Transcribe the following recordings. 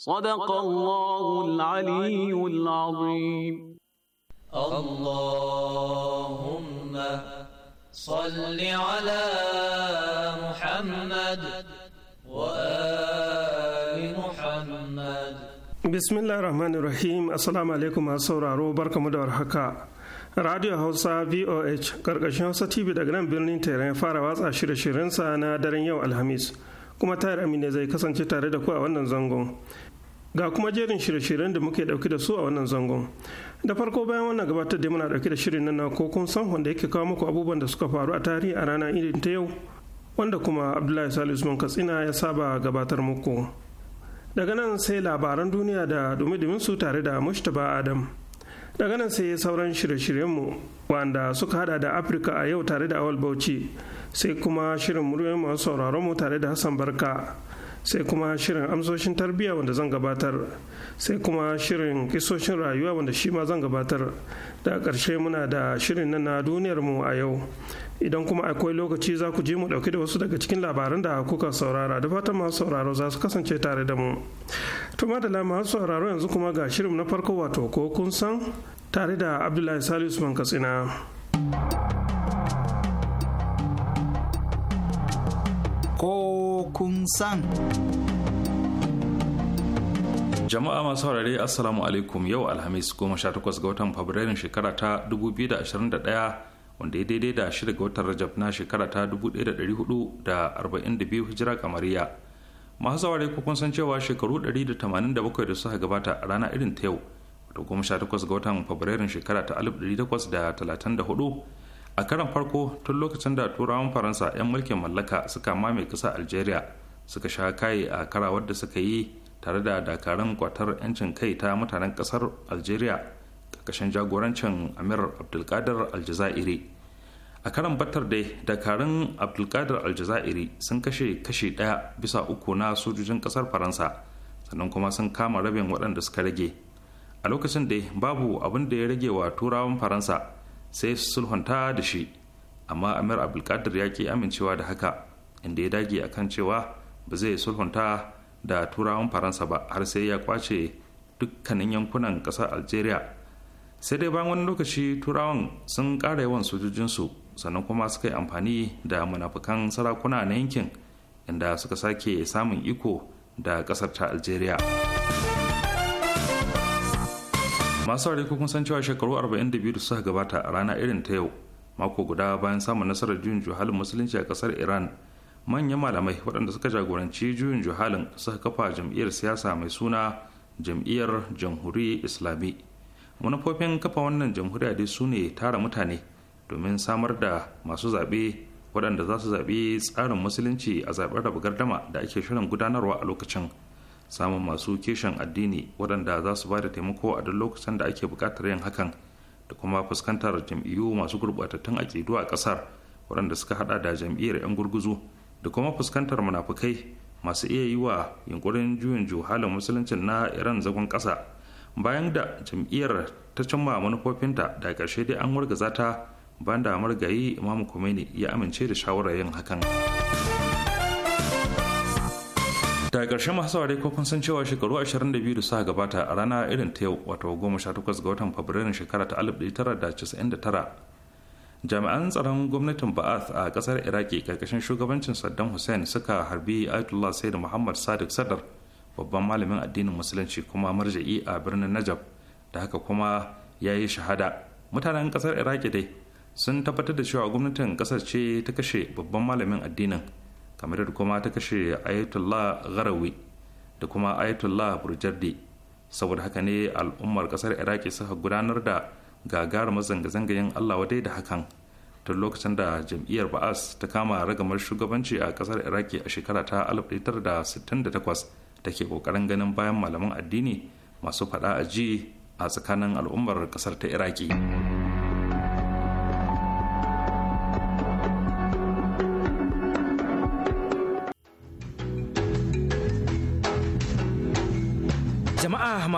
صدق الله العلي العظيم اللهم صل على محمد وآل محمد بسم الله الرحمن الرحيم السلام عليكم أصور بركم دور حكا Radio Hausa VOH ƙarƙashin Hausa TV daga nan birnin Tehran fara watsa shirye-shiryensa na daren yau Alhamis. kuma tayar amina zai kasance tare da ku a wannan zangon ga kuma jerin shirye-shiryen da muke dauke da su a wannan zangon da farko bayan wannan gabatar da muna dauke da shirin nan ko kun san wanda yake kawo muku abubuwan da suka faru a tarihi a rana irin ta yau wanda kuma abdullahi salisu usman katsina ya saba gabatar muku daga nan sai labaran duniya da dumi su tare da mushtaba adam daga nan sai sauran shirye-shiryenmu wanda suka hada da afirka a yau tare da awal bauchi sai kuma shirin muryoyin masu sauraron mu tare da hassan barka sai kuma shirin amsoshin tarbiyya wanda zan gabatar sai kuma shirin kisoshin rayuwa wanda shi ma zan gabatar da ƙarshe muna da shirin nan na duniyar mu a yau idan kuma akwai lokaci za ku je mu ɗauki da wasu daga cikin labaran da kuka saurara da fatan masu sauraro za su kasance tare da mu to madalla masu sauraro yanzu kuma ga shirin na farko wato ko kun san tare da abdullahi salisu man katsina ko kun san. jama'a masu haurare assalamu alaikum yau alhamis goma sha takwas ga watan fabrairun shekara ta 2021 wanda ya daidai da shida ga watan rajab na shekara ta 1442 hijira kamariya masu saurare ko kun san cewa shekaru 187 da suka gabata a rana irin ta yau wato goma sha takwas ga watan fabrairun shekara ta 1834 a karan farko tun lokacin da turawan faransa 'yan mulkin mallaka suka mame kasa algeria suka sha kai a kara wadda suka yi tare da dakarun kwatar 'yancin kai ta mutanen kasar algeria ƙarƙashin jagorancin amir abdulkadir aljazairi a karan batar dai dakarun abdulkadir aljazairi sun kashe kashi ɗaya bisa uku na sojojin kasar faransa sannan kuma sun kama rabin waɗanda suka rage a lokacin dai babu abin da ya rage wa turawan faransa sai su sulhunta da shi amma amir abdulkadir ya ki amincewa da haka inda ya dage akan cewa ba zai sulhunta da turawan faransa ba har sai ya kwace dukkanin yankunan ƙasar algeria sai dai bayan wani lokaci turawan sun ƙara yawan sojojinsu sannan kuma suka yi amfani da munafukan sarakuna na yankin inda suka sake samun iko da ƙasar ta algeria masu saurari kun san cewa shekaru 42 da suka gabata a rana irin ta yau mako guda bayan samun nasarar juyin juhalin musulunci a kasar iran manyan malamai waɗanda suka jagoranci juyin juhalin suka kafa jam'iyyar siyasa mai suna jam'iyyar jamhuri islami manufofin kafa wannan jamhuriya dai su ne tara mutane domin samar da masu zaɓe waɗanda za su zaɓi tsarin musulunci a zaɓen rabu gardama da ake shirin gudanarwa a lokacin samun masu kishin addini waɗanda za su ba da taimako a duk lokacin da ake buƙatar yin hakan da kuma fuskantar jam'iyyu masu gurɓatattun ƙidu a ƙasar waɗanda suka haɗa da jam'iyyar 'yan gurguzu da kuma fuskantar munafukai masu iya yi wa yunkurin juyin juhalin musuluncin na iran zagon ƙasa bayan da jam'iyyar ta cimma manufofinta da ƙarshe dai an wargaza ta ban da marigayi imamu kumeni ya amince da shawarar yin hakan. da ƙarshen masu saurare ko kun san cewa shekaru 22 da suka gabata a rana irin ta yau wato 18 ga watan fabrairun shekara ta 1999 jami'an tsaron gwamnatin ba'ath a ƙasar iraki ƙarƙashin shugabancin saddam hussein suka harbi ayatollah sayyid muhammad sadiq sadar babban malamin addinin musulunci kuma marja'i a birnin najaf da haka kuma ya yi shahada mutanen ƙasar iraki dai sun tabbatar da cewa gwamnatin ƙasar ce ta kashe babban malamin addinin kamar yadda kuma ta kashe ayatollah garawi da kuma ayatollah burjardi saboda haka ne al'ummar kasar iraki suka gudanar da gagarumar zanga yin allah wadai da hakan tun lokacin da jam'iyyar ba'as ta kama ragamar shugabanci a kasar iraki a shekara ta 1968 da ke kokarin ganin bayan malaman addini masu faɗa a ji a tsakanin al'ummar kasar ta iraki.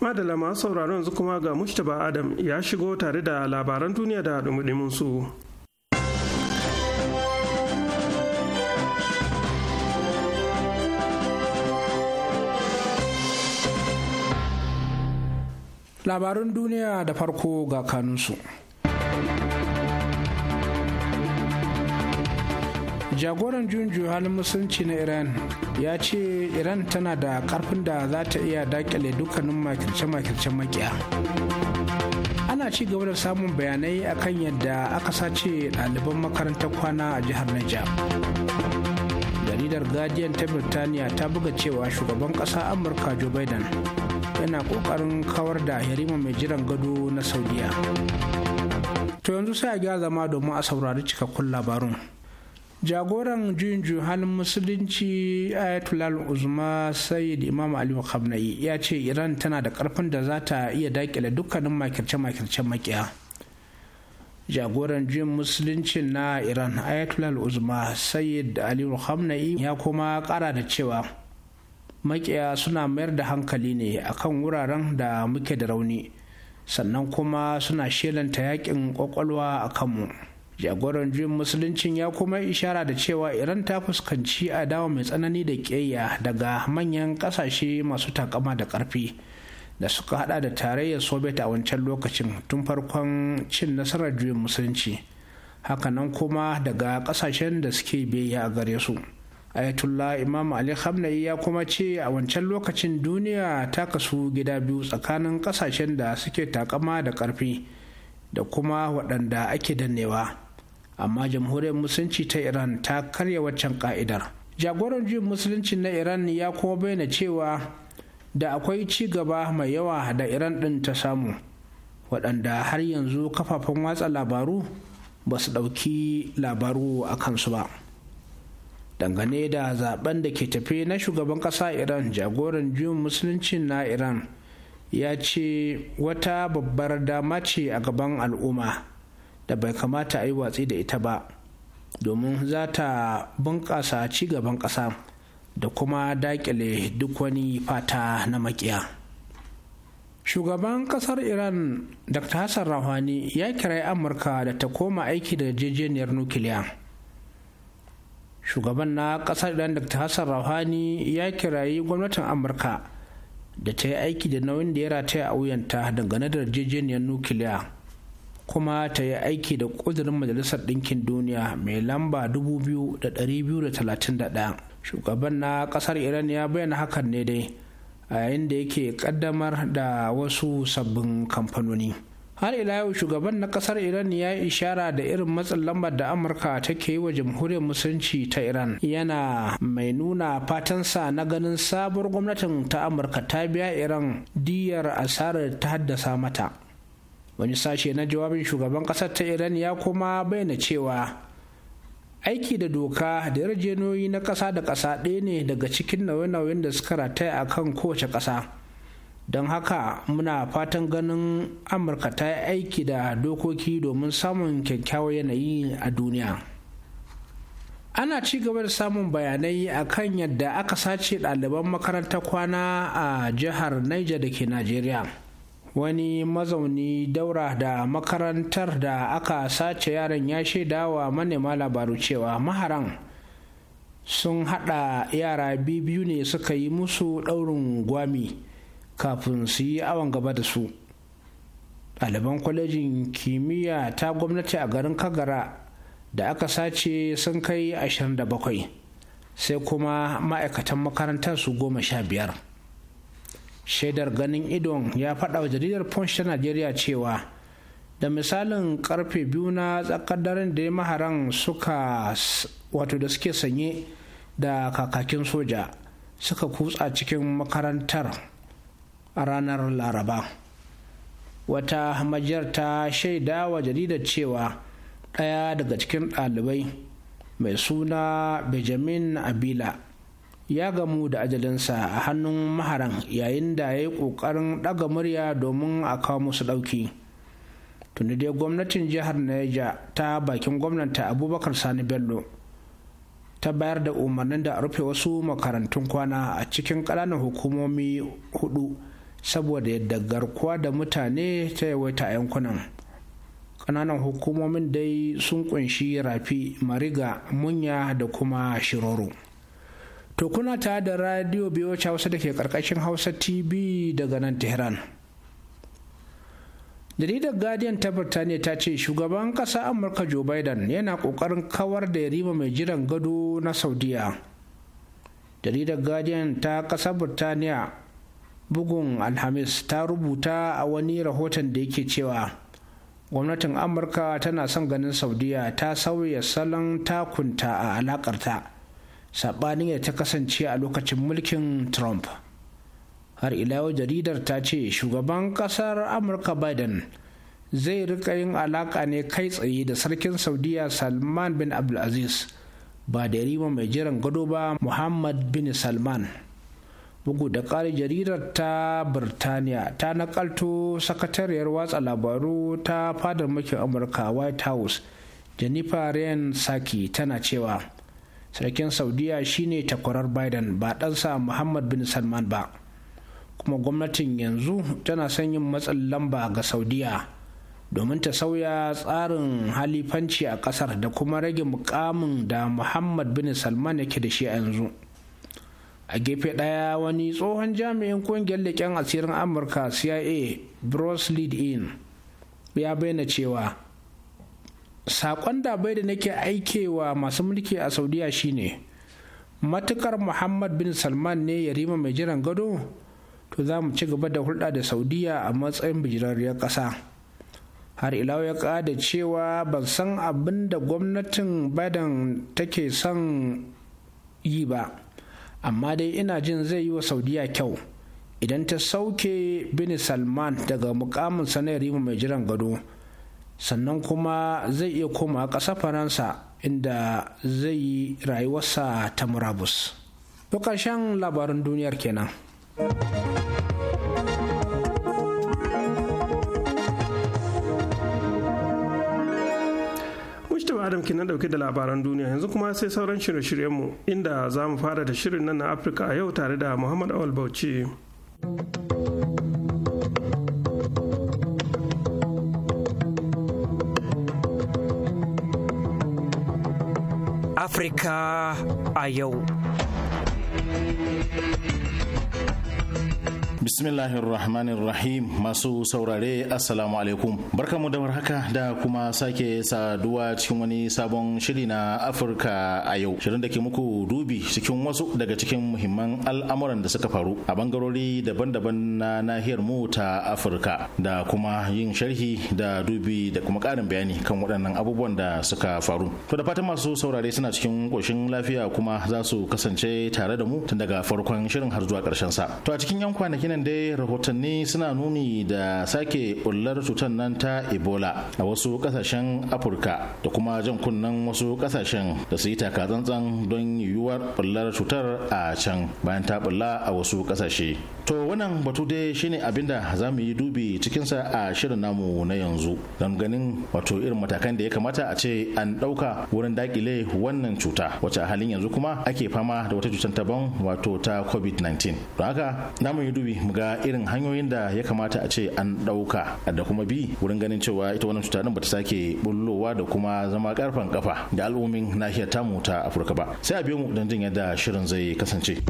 madala masu sauraro yanzu kuma ga mustapha adam ya shigo tare da labaran duniya da dumudumin su labarun duniya da farko ga kanunsu. jagoran junju halin musulunci na iran ya ce iran tana da karfin da za ta iya dakile dukkanin makirce-makircen makiya ana ci gaba da samun bayanai akan yadda aka sace ɗaliban makarantar kwana a jihar niger jaridar guardian ta birtaniya ta buga cewa shugaban ƙasa amurka joe biden yana ƙoƙarin kawar da yarima mai jiran gado na saudiya to yanzu sai a gyara zama domin a saurari cikakkun labarun. jagoran juyin halin musulunci ayatollah uzma sayyid imam ali khamenei ya ce iran tana da karfin da za ta iya dakile dukkanin makirce-makirce makiya jagoran juyin musulunci na iran ayatollah uzma sayyid ali khamenei ya kuma kara da cewa makiya suna mayar da hankali ne akan wuraren da muke da rauni sannan kuma suna shelanta yakin kwakwalwa a kanmu. jagoran juyin musuluncin ya kuma ishara da cewa iran ta fuskanci adawa mai tsanani da ƙeya daga manyan ƙasashe masu takama da ƙarfi da suka hada da tarayyar soviet a wancan lokacin tun farkon cin nasarar juyin musulunci hakanan kuma daga ƙasashen da suke biyayya a gare su ayatollah imam ali khamenei ya kuma ce a wancan lokacin duniya ta kasu gida biyu tsakanin ƙasashen da suke takama da ƙarfi da kuma waɗanda ake dannewa. amma jamhuriyar musulunci ta iran ta karya waccan ka'idar jagoran juyin musulunci na iran ya kuma bayyana cewa da akwai ci gaba mai yawa da iran din ta samu waɗanda har yanzu kafafen watsa labaru ba su ɗauki labaru a kansu ba dangane da zaben da ke tafe na shugaban ƙasa iran jagoran juyin musulunci na iran ya ce wata babbar dama ce a gaban al'umma da bai kamata a yi watsi da ita ba domin za ta bunƙasa ci gaban ƙasa da kuma daƙile duk wani fata na makiya shugaban ƙasar iran dr hassan rahani ya kirayi amurka da ta koma aiki da yarjejeniyar nukiliya shugaban na ƙasar iran dr hassan rahani ya kirayi gwamnatin amurka da ta yi aiki da nauyin da ya rataya a wuyanta dangane da yarjejeniyar nukiliya kuma ta yi aiki da ƙudurin majalisar ɗinkin duniya mai lamba 2231 shugaban na ƙasar iran ya bayyana hakan ne dai a yayin da yake ƙaddamar da wasu sabbin kamfanoni har ila yau shugaban na ƙasar iran ya ishara da irin matsin lambar da amurka take yi wa jamhuriyar musulunci ta iran yana mai nuna fatansa na ganin sabuwar gwamnatin ta amurka ta biya iran diyar asarar ta haddasa mata wani sashe na jawabin shugaban kasar ta iran ya kuma bayyana cewa aiki da doka da yarjejeniyoyi na ƙasa da ƙasa ɗaya ne daga cikin nauye-nauyen da suka rataya a kan kowace ƙasa don haka muna fatan ganin amurka ta yi aiki da dokoki domin samun kyakkyawar yanayi a duniya ana ci gaba da samun bayanai a kan yadda aka sace ɗaliban makarantar kwana a jihar niger da ke najeriya wani mazauni daura da makarantar da aka sace yaran ya shaidawa manema labaru cewa maharan sun hada yara biyu ne suka yi musu daurin gwami kafin su yi awon gaba da su ɗaliban kwalejin kimiyya ta gwamnati a garin kagara da aka sace sun kai 27 sai kuma ma'aikatan makarantar su goma sha biyar. shaidar ganin idon ya faɗa wa jaridar punch ta najeriya cewa da misalin karfe biyu na tsakar daren da maharan suka wato da suke sanye da kakakin soja suka kutsa cikin makarantar a ranar laraba wata majiyar ta shaida wa jaridar cewa ɗaya daga cikin ɗalibai mai suna benjamin abila ya gamu da ajalinsa a hannun maharan yayin da ya yi ƙoƙarin ɗaga murya domin a kawo musu ɗauki tuni dai gwamnatin jihar Niger ta bakin gwamnanta abubakar sani bello ta bayar da umarnin da a rufe wasu makarantun kwana a cikin ƙananan hukumomi hudu saboda yadda garkuwa da mutane ta yawaita a yankunan ƙananan hukumomin dai sun kunshi rafi mariga munya da kuma shiroro To kuna ta da radio biyoci Hausa da ke karkashin Hausa TV daga nan Tehran. Jaridar Guardian ta Birtaniya ta ce shugaban ƙasa Amurka Joe Biden yana ƙoƙarin kawar da yarima mai jiran gado na Saudiya. Jaridar Guardian ta ƙasar Birtaniya bugun Alhamis ta rubuta a wani rahoton da yake cewa gwamnatin Amurka tana son ganin Saudiya ta sauya salon takunta a alakarta. saɓanin ya ta kasance a lokacin mulkin trump har ila jaridar ta ce shugaban kasar amurka biden zai rika yin alaka ne kai tsaye da sarkin saudiya salman bin abdulaziz ba da rima mai jiran gado ba muhammad bin salman bugu da ƙari jaridar ta birtaniya ta nakalto sakatariyar watsa labaru ta fadar mulkin amurka white house jennifer ryan saki tana cewa sarkin saudiya shine takwarar biden ba ɗansa muhammad bin salman ba kuma gwamnatin yanzu tana son yin matsin lamba ga saudiya domin ta sauya tsarin halifanci a ƙasar da kuma rage mukamin da muhammad bin salman yake da shi a yanzu a gefe ɗaya wani tsohon jami'in ƙungiyar leƙen asirin amurka cia bros lead in ya bayyana cewa saƙon dabai da nake aikewa masu mulki a saudiya shine matukar muhammad bin salman ne ya rima mai jiran gado to za mu ci gaba da hulɗa da saudiya a matsayin bijirarriyar ƙasa har ilawa ya ƙada cewa ban san abin da gwamnatin biden take son yi ba amma dai ina jin zai yi wa saudiya kyau idan ta sauke bin salman daga mukamin sanayar rima mai jiran gado sannan kuma zai iya koma a ƙasa faransa inda zai yi rayuwarsa ta murabus to ƙarshen labarin duniyar kenan Adam kenan dauke da labaran duniya yanzu kuma sai sauran shirye-shiryenmu inda za mu fara da shirin nan na Afirka a yau tare da Muhammad Awal Bauchi. Afirka a yau. Bismillahirrahmanirrahim masu saurare assalamu alaikum barkamu da warhaka da kuma sake saduwa cikin wani sabon shiri na Afirka a yau shirin da ke muku dubi cikin wasu daga cikin muhimman al'amuran da suka faru a bangarori daban-daban na nahiyar mu ta Afirka da kuma yin sharhi da dubi da kuma ƙarin bayani kan waɗannan abubuwan da suka faru to da fatan masu saurare suna cikin ƙoshin lafiya kuma za su kasance tare da mu tun daga farkon shirin har zuwa ƙarshen sa to a cikin yan kwanakin nan dai rahotanni suna nuni da sake bullar cutar nan ta ebola a wasu kasashen afirka da kuma jan kunnen wasu kasashen da su yi takatsantsan don yiwuwar bullar cutar a can bayan ta bulla a wasu kasashe to wannan batu dai shine abinda za mu yi dubi cikinsa a shirin namu na yanzu don ganin wato irin matakan da ya kamata a ce an ɗauka wurin dakile wannan cuta wacce a halin yanzu kuma ake fama da wata cutar taban wato ta covid-19 don haka na mu yi dubi mu ga irin hanyoyin da ya kamata a ce an ɗauka da kuma bi wurin ganin cewa ita wannan cuta din bata sake bullowa da kuma zama karfan kafa da al'ummin nahiyar tamu ta afirka ba sai a biyo mu don jin yadda shirin zai kasance.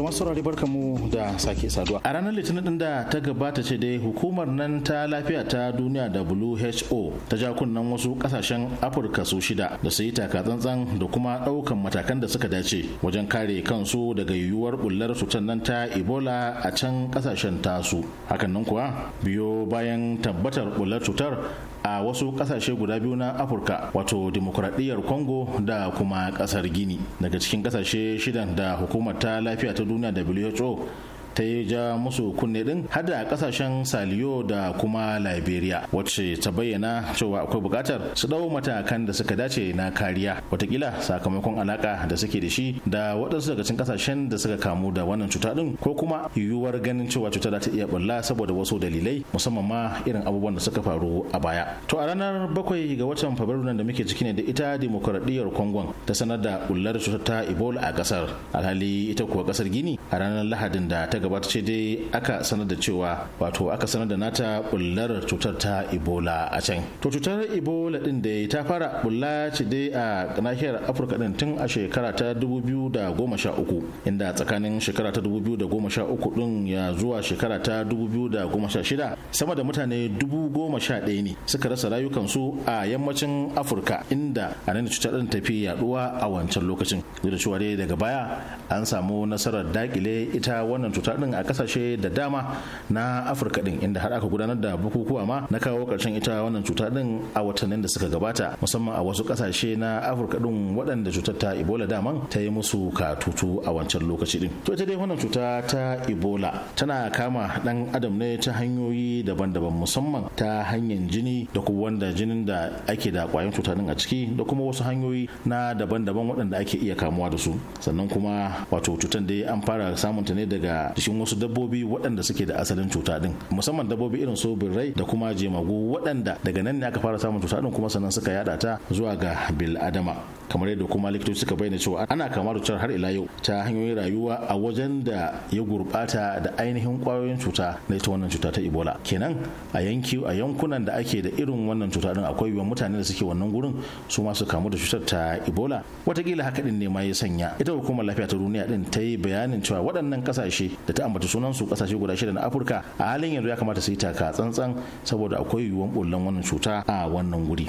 To masu saurari barka mu da sake saduwa. A ranar Litinin din da ta gabata ce dai hukumar nan ta lafiya ta duniya WHO ta ja kunnan wasu kasashen Afirka su shida da su yi takatsantsan da kuma ɗaukan matakan da suka dace wajen kare kansu daga yiwuwar bullar cutar nan ta Ebola a can kasashen tasu. Hakan nan kuwa biyo bayan tabbatar bullar cutar a wasu kasashe guda biyu na afirka wato demokuraɗiyyar congo da kuma kasar gini daga cikin kasashe shidan da hukumar ta lafiya ta duniya who ta yi ja musu kunne din har da kasashen saliyo da kuma liberia wacce ta bayyana cewa akwai bukatar su dau matakan da suka dace na kariya watakila sakamakon alaka da suke da shi da waɗansu daga cikin kasashen da suka kamu da wannan cuta din ko kuma yiwuwar ganin cewa cuta za ta iya bulla saboda wasu dalilai musamman ma irin abubuwan da suka faru a baya to a ranar bakwai ga watan fabrairu nan da muke ciki ne da ita dimokuraɗiyyar kongon ta sanar da bullar cutar ta ebola a kasar alhali ita kuwa kasar gini a ranar lahadin da ta gabata ce dai aka sanar da cewa wato aka sanar da nata bullar cutar ta ebola a can to cutar ebola din da ta fara bulla ce dai a nahiyar afirka din tun a shekara ta 2013 inda tsakanin shekara ta 2013 din ya zuwa shekara ta 2016 sama da mutane 11,000 ne suka rasa rayukansu a yammacin afirka inda a nan cutar din tafi yaduwa a wancan lokacin da cewa dai daga baya an samu nasarar dakile ita wannan cutar kyauta din a kasashe da dama na afirka din inda har aka gudanar da bukukuwa ma na kawo karshen ita wannan cuta din a watannin da suka gabata musamman a wasu kasashe na afirka din waɗanda cutar ta ebola daman ta yi musu katutu a wancan lokaci din to ita dai wannan cuta ta ebola tana kama dan adam ne ta hanyoyi daban-daban musamman ta hanyar jini da kuma wanda jinin da ake da kwayan cuta din a ciki da kuma wasu hanyoyi na daban-daban waɗanda ake iya kamuwa da su sannan kuma wato cutar dai an fara samunta ne daga jikin wasu dabbobi waɗanda suke da asalin cuta din musamman dabbobi irin su birrai da kuma jemagu waɗanda daga nan ne aka fara samun cuta din kuma sannan suka yada ta zuwa ga bil adama kamar yadda kuma likitoci suka bayyana cewa ana kama da cutar har ila yau ta hanyoyin rayuwa a wajen da ya gurbata da ainihin kwayoyin cuta na ita wannan cuta ta ebola kenan a yanki a yankunan da ake da irin wannan cuta din akwai yiwuwar mutane da suke wannan gurin su ma su kamu da cutar ta ebola watakila haka din ne ma ya sanya ita hukumar lafiya ta duniya din ta yi bayanin cewa waɗannan ƙasashe da ta ambata sunan su kasashe guda shida na afirka a halin yanzu ya kamata su yi taka tsantsan saboda akwai yiwuwan bullan wannan cuta a wannan wuri.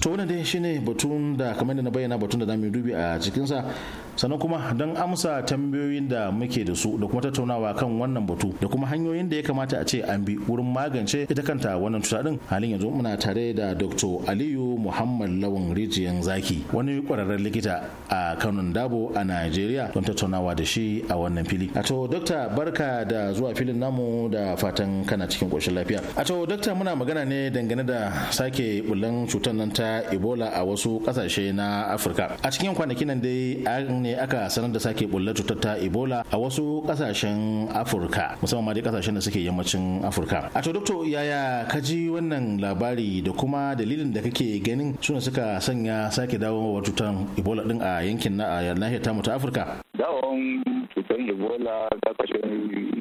to wannan dai shine batun da kamar da na bayyana batun da zamu dubi a cikinsa sannan kuma don amsa tambayoyin da muke da su da kuma tattaunawa kan wannan batu da kuma hanyoyin da ya kamata a ce an bi wurin magance ita kanta wannan cuta din halin yanzu muna tare da dr aliyu muhammad lawan rijiyan zaki wani kwararren likita a kanun dabo a najeriya don tattaunawa da shi a wannan fili a to dokta barka da zuwa filin namu da fatan kana cikin koshin lafiya a to dokta muna magana ne dangane da sake bullan cutar nan ta ebola a wasu kasashe na afirka a cikin kwanakin nan dai an ne aka sanar da sake bullar cutar ta Ebola a wasu kasashen Afirka musamman ma dai kasashen da suke yammacin Afirka. A to dokto yaya ka ji wannan labari da kuma dalilin da kake ganin suna suka sanya sake wa cutar Ebola din a yankin na nahiyar tamu ta Afirka? Dawon cutar Ebola kasashen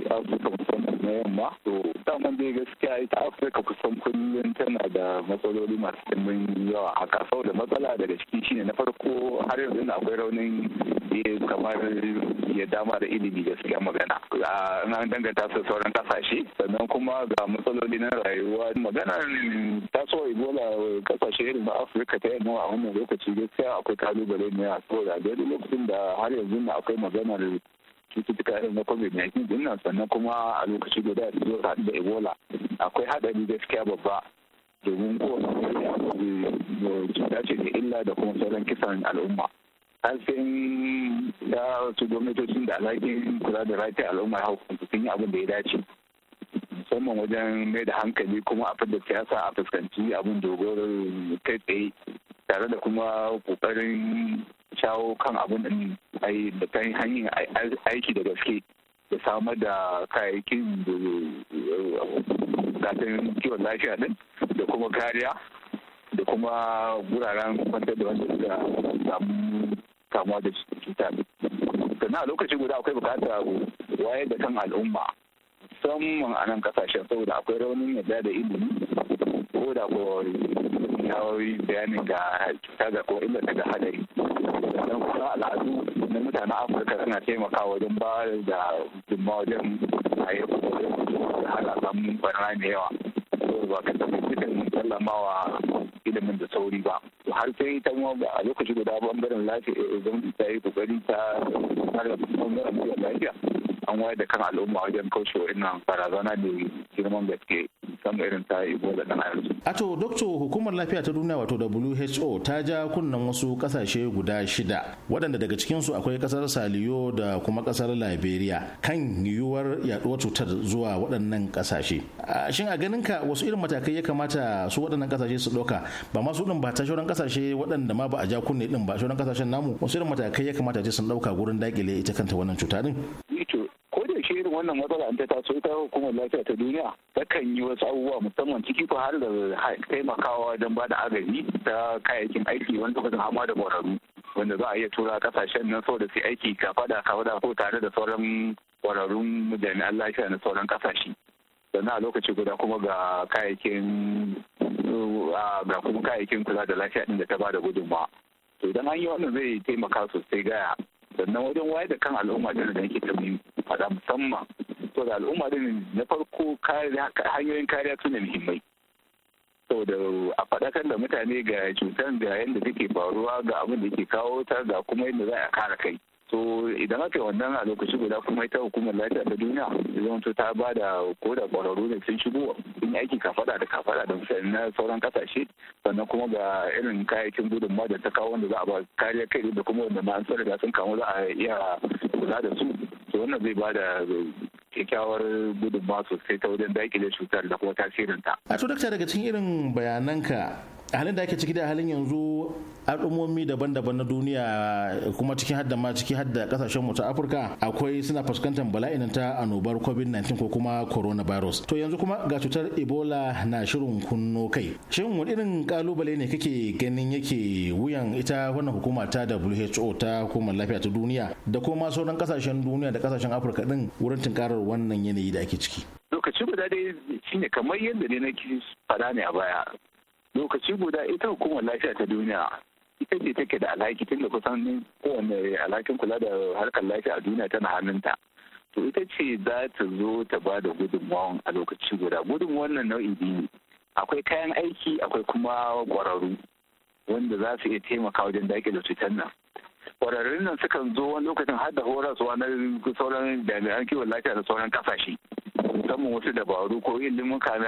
Afirka musamman na yamma to dama dai gaskiya ita afirka kusan kullum tana da matsaloli masu dimbin yawa haka sau matsala daga ciki shine na farko har yanzu akwai raunin kamar ya dama da ilimi gaskiya magana an danganta su sauran kasashe sannan kuma ga matsaloli na rayuwa maganar taso ibola kasashe irin na afirka ta yamma a wannan lokaci gaskiya akwai kalubale ne a saboda lokacin da har yanzu akwai maganar cututtuka irin na covid-19 din nan sannan kuma a lokaci guda da zo haɗu da ebola akwai haɗari gaskiya babba domin da cuta ce da illa da kuma sauran kisan al'umma har sai ya su gwamnatocin da alhakin kula da rafi al'umma ya hukunta sun yi abin da ya dace musamman wajen mai da hankali kuma a fadda siyasa a fuskanci abin dogoro kai tsaye tare da kuma kokarin shawo kan abin da. da ta hanyar aiki da gaske da samar da kayayyakin zafin eh, kiwon lafiya din da kuma kariya da kuma guraren kwantar da wanda suka samu kamuwa da cuta sannan a lokaci guda akwai bukatar wayar da kan al'umma musamman a nan kasashen saboda akwai raunin yadda da ilimi ko da ko yawon bayanin ga cuta ga ko illa daga hadari sannan kuma al'adu na mutanen afirka suna taimakawa wajen ba da jimma wajen a yi hana samun barna mai yawa ba ka tafi cikin sallamawa ilimin da sauri ba har sai ta a lokaci guda bangaren lafiya eh, idan ta yi kokari ta tsara bangaren lafiya an wayar da kan al'umma wajen kaushe wa ina barazana da girman gaske kan irin ta ebola da virus. a to doktor hukumar lafiya ta duniya wato who ta ja kunnan wasu kasashe guda shida waɗanda daga cikinsu akwai kasar saliyo da kuma kasar liberia kan yiwuwar yaduwar cutar zuwa waɗannan kasashe shin a ganin ka wasu irin matakai ya kamata su waɗannan kasashe su ɗauka ba ma su ɗin ba ta shauran kasashe waɗanda ma ba a ja kunne ɗin ba shauran kasashen namu wasu irin matakai ya kamata ce sun ɗauka gurin daƙile ita kanta wannan cuta ɗin. wannan matsala ta taso ta hukumar lafiya ta duniya takan yi wasu abubuwa musamman ciki ko har da taimakawa don ba da agaji ta kayayyakin aiki wanda lokacin hama da ƙwararru wanda za a iya tura kasashen nan saboda su aiki ka fada ko tare da sauran ƙwararrun jami'an lafiya na sauran kasashe sannan a lokaci guda kuma ga kayayyakin ga kuma kayayyakin kula da lafiya din da ta ba da gudunmawa to idan an yi wannan zai taimaka sosai gaya sannan wajen wayar da kan al'umma da yake ta muhimmi faɗa musamman to da al'umma din na farko hanyoyin kariya su ne muhimmai saboda a faɗakar da mutane ga cutar da yadda take faruwa ga abin da ke kawo ta ga kuma yadda za a kare kai to idan aka wannan a lokaci guda kuma ita hukumar lafiya ta duniya idan to ta ba da ko da ƙwararru ne sun shigo sun aiki aiki kafada da kafada da misali na sauran ƙasashe sannan kuma ga irin kayayyakin gudunmawa da ta kawo wanda za a ba kariya kai da kuma wanda ma sani da sun kamu za a iya kula da su to wannan zai ba da kyakkyawar gudunmawa sosai ta wajen daƙile cutar da kuma tasirinta. a to daga cikin irin bayananka halin da ake ciki da halin yanzu al'ummomi daban-daban na duniya kuma cikin hadda ma ciki hadda kasashen mu ta Afirka akwai suna fuskantar bala'in ta annobar COVID-19 ko kuma coronavirus. To yanzu kuma ga cutar Ebola na shirin kunno kai. Shin wani irin kalubale ne kake ganin yake wuyan ita wannan hukuma ta WHO ta hukumar lafiya ta duniya da kuma sauran kasashen duniya da kasashen Afirka din wurin tunkarar wannan yanayi da ake ciki. Lokacin da dai shine kamar yadda ne na faɗa ne a baya lokaci guda ita hukumar lafiya ta duniya ita ce take da alhaki tun da kusan kowane alhakin kula da harkar lafiya a duniya tana hannunta to ita ce za ta zo ta ba da gudunmawan a lokaci guda gudunmawan nan nau'i biyu akwai kayan aiki akwai kuma ƙwararru wanda za su iya taimaka wajen dake da cutar nan ƙwararrun nan sukan zo wani lokacin har da horaswa na sauran jami'an kiwon lafiya da sauran kasashe musamman wasu dabaru ko ilimuka na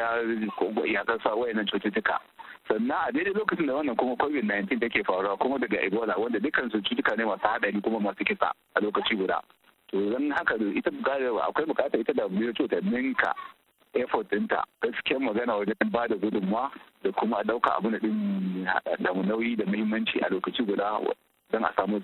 ya kasa wayannan cututtuka sannan a daidai lokacin da wannan kuma covid-19 take faruwa kuma daga ebola wanda dukkan su cututtuka ne masu haɗari kuma masu kisa a lokaci guda to zan haka ita bukatar akwai bukatar ita da WHO ta ninka effort ɗinta gaskiyar magana wajen ba da gudunmawa da kuma ɗauka abin da nauyi da muhimmanci a lokaci guda don a samu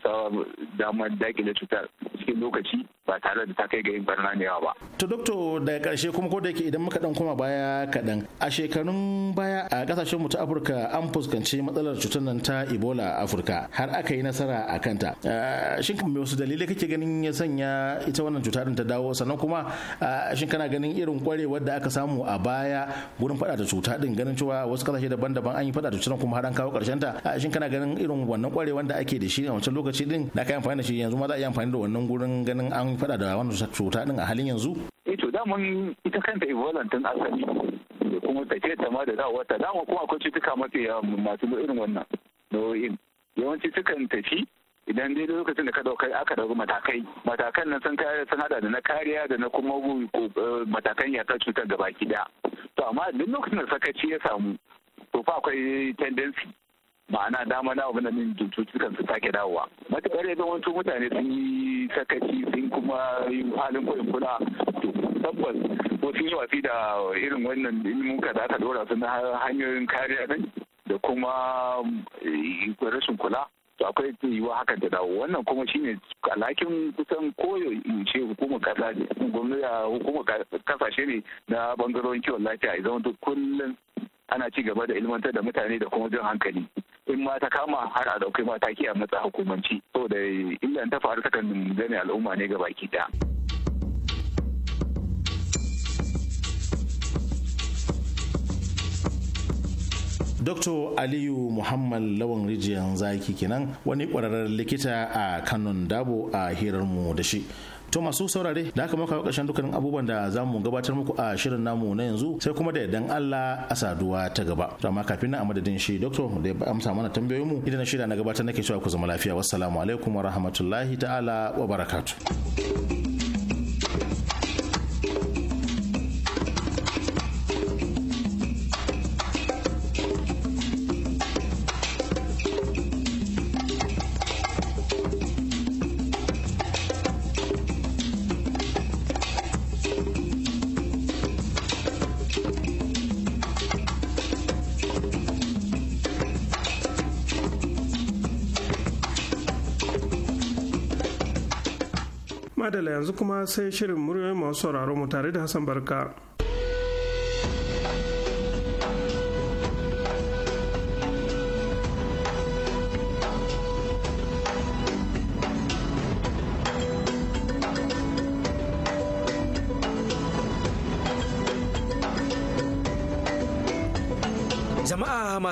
damar dakile cutar cikin lokaci ba tare da ta kai ga yin barna da yawa ba. To doktor daga karshe kuma ko da yake idan muka dan koma baya kaɗan a shekarun baya a kasashen mu ta Afirka an fuskanci matsalar cutar nan ta Ebola a Afirka har aka yi nasara a kanta. Ah, shin kuma wasu dalilai kake ganin ya sanya ita wannan cuta din ta dawo sannan kuma ah, shin kana ganin irin kwarewar da aka samu a baya gurin faɗa da cuta din ganin cewa wasu kasashe daban-daban an yi faɗa da cutar kuma har an kawo ƙarshen ta ah, shin kana ganin irin wannan kwarewar da ake da shi a wancan lokaci din da aka yi amfani da shi yanzu ma za a yi amfani da wannan gurin ganin an faɗa da wannan cuta din a halin yanzu. E, to daman ita kanta Ebola tun asali da kuma take ta ma da dawowa ta dama kuma akwai cutuka mafi masu irin wannan nau'in yawanci sukan tafi idan dai lokacin da ka dauka aka dauki matakai matakan nan sun kare sun hada da na kariya da na kuma eh, matakan yakar cutar da baki daya to amma duk lokacin da sakaci ya samu to fa akwai tendency ma'ana dama na abin da min cututtukan su sake dawowa matakar ya zama mutane sun yi sakaci sun kuma yi halin kwayin kula to tabbas ko sun yi wafi da irin wannan muka da aka dora su na hanyoyin kariya din da kuma eh, rashin kula to akwai yiwuwa hakan ta dawo wannan kuma shine alhakin kusan koyo ce hukumar kasa gwamnati hukumar kasashe ne na bangarorin kiwon lafiya idan to kullum ana ci gaba da ilmantar da mutane da kuma jin hankali in ma ta kama har a ɗauki mataki a matsa hukumanci saboda illan ta faru kan gane al'umma ne ga baki ta. Dr. Aliyu Muhammad Lawan Rijiyar Zaki kenan wani ƙwararren likita a Kanon Dabo a hirarmu da shi. to masu saurare da aka maka karshen dukkanin abubuwan da za mu gabatar muku a shirin namu na yanzu sai kuma da yardan Allah a saduwa ta gaba to amma kafin nan a madadin shi doctor da ya amsa mana tambayoyin mu idan na shirya na gabatar nake cewa ku zama lafiya wassalamu alaikum wa rahmatullahi ta'ala wa barakatu. madala yanzu kuma sai shirin muryoyin masu sauraro mu tare da hassan barka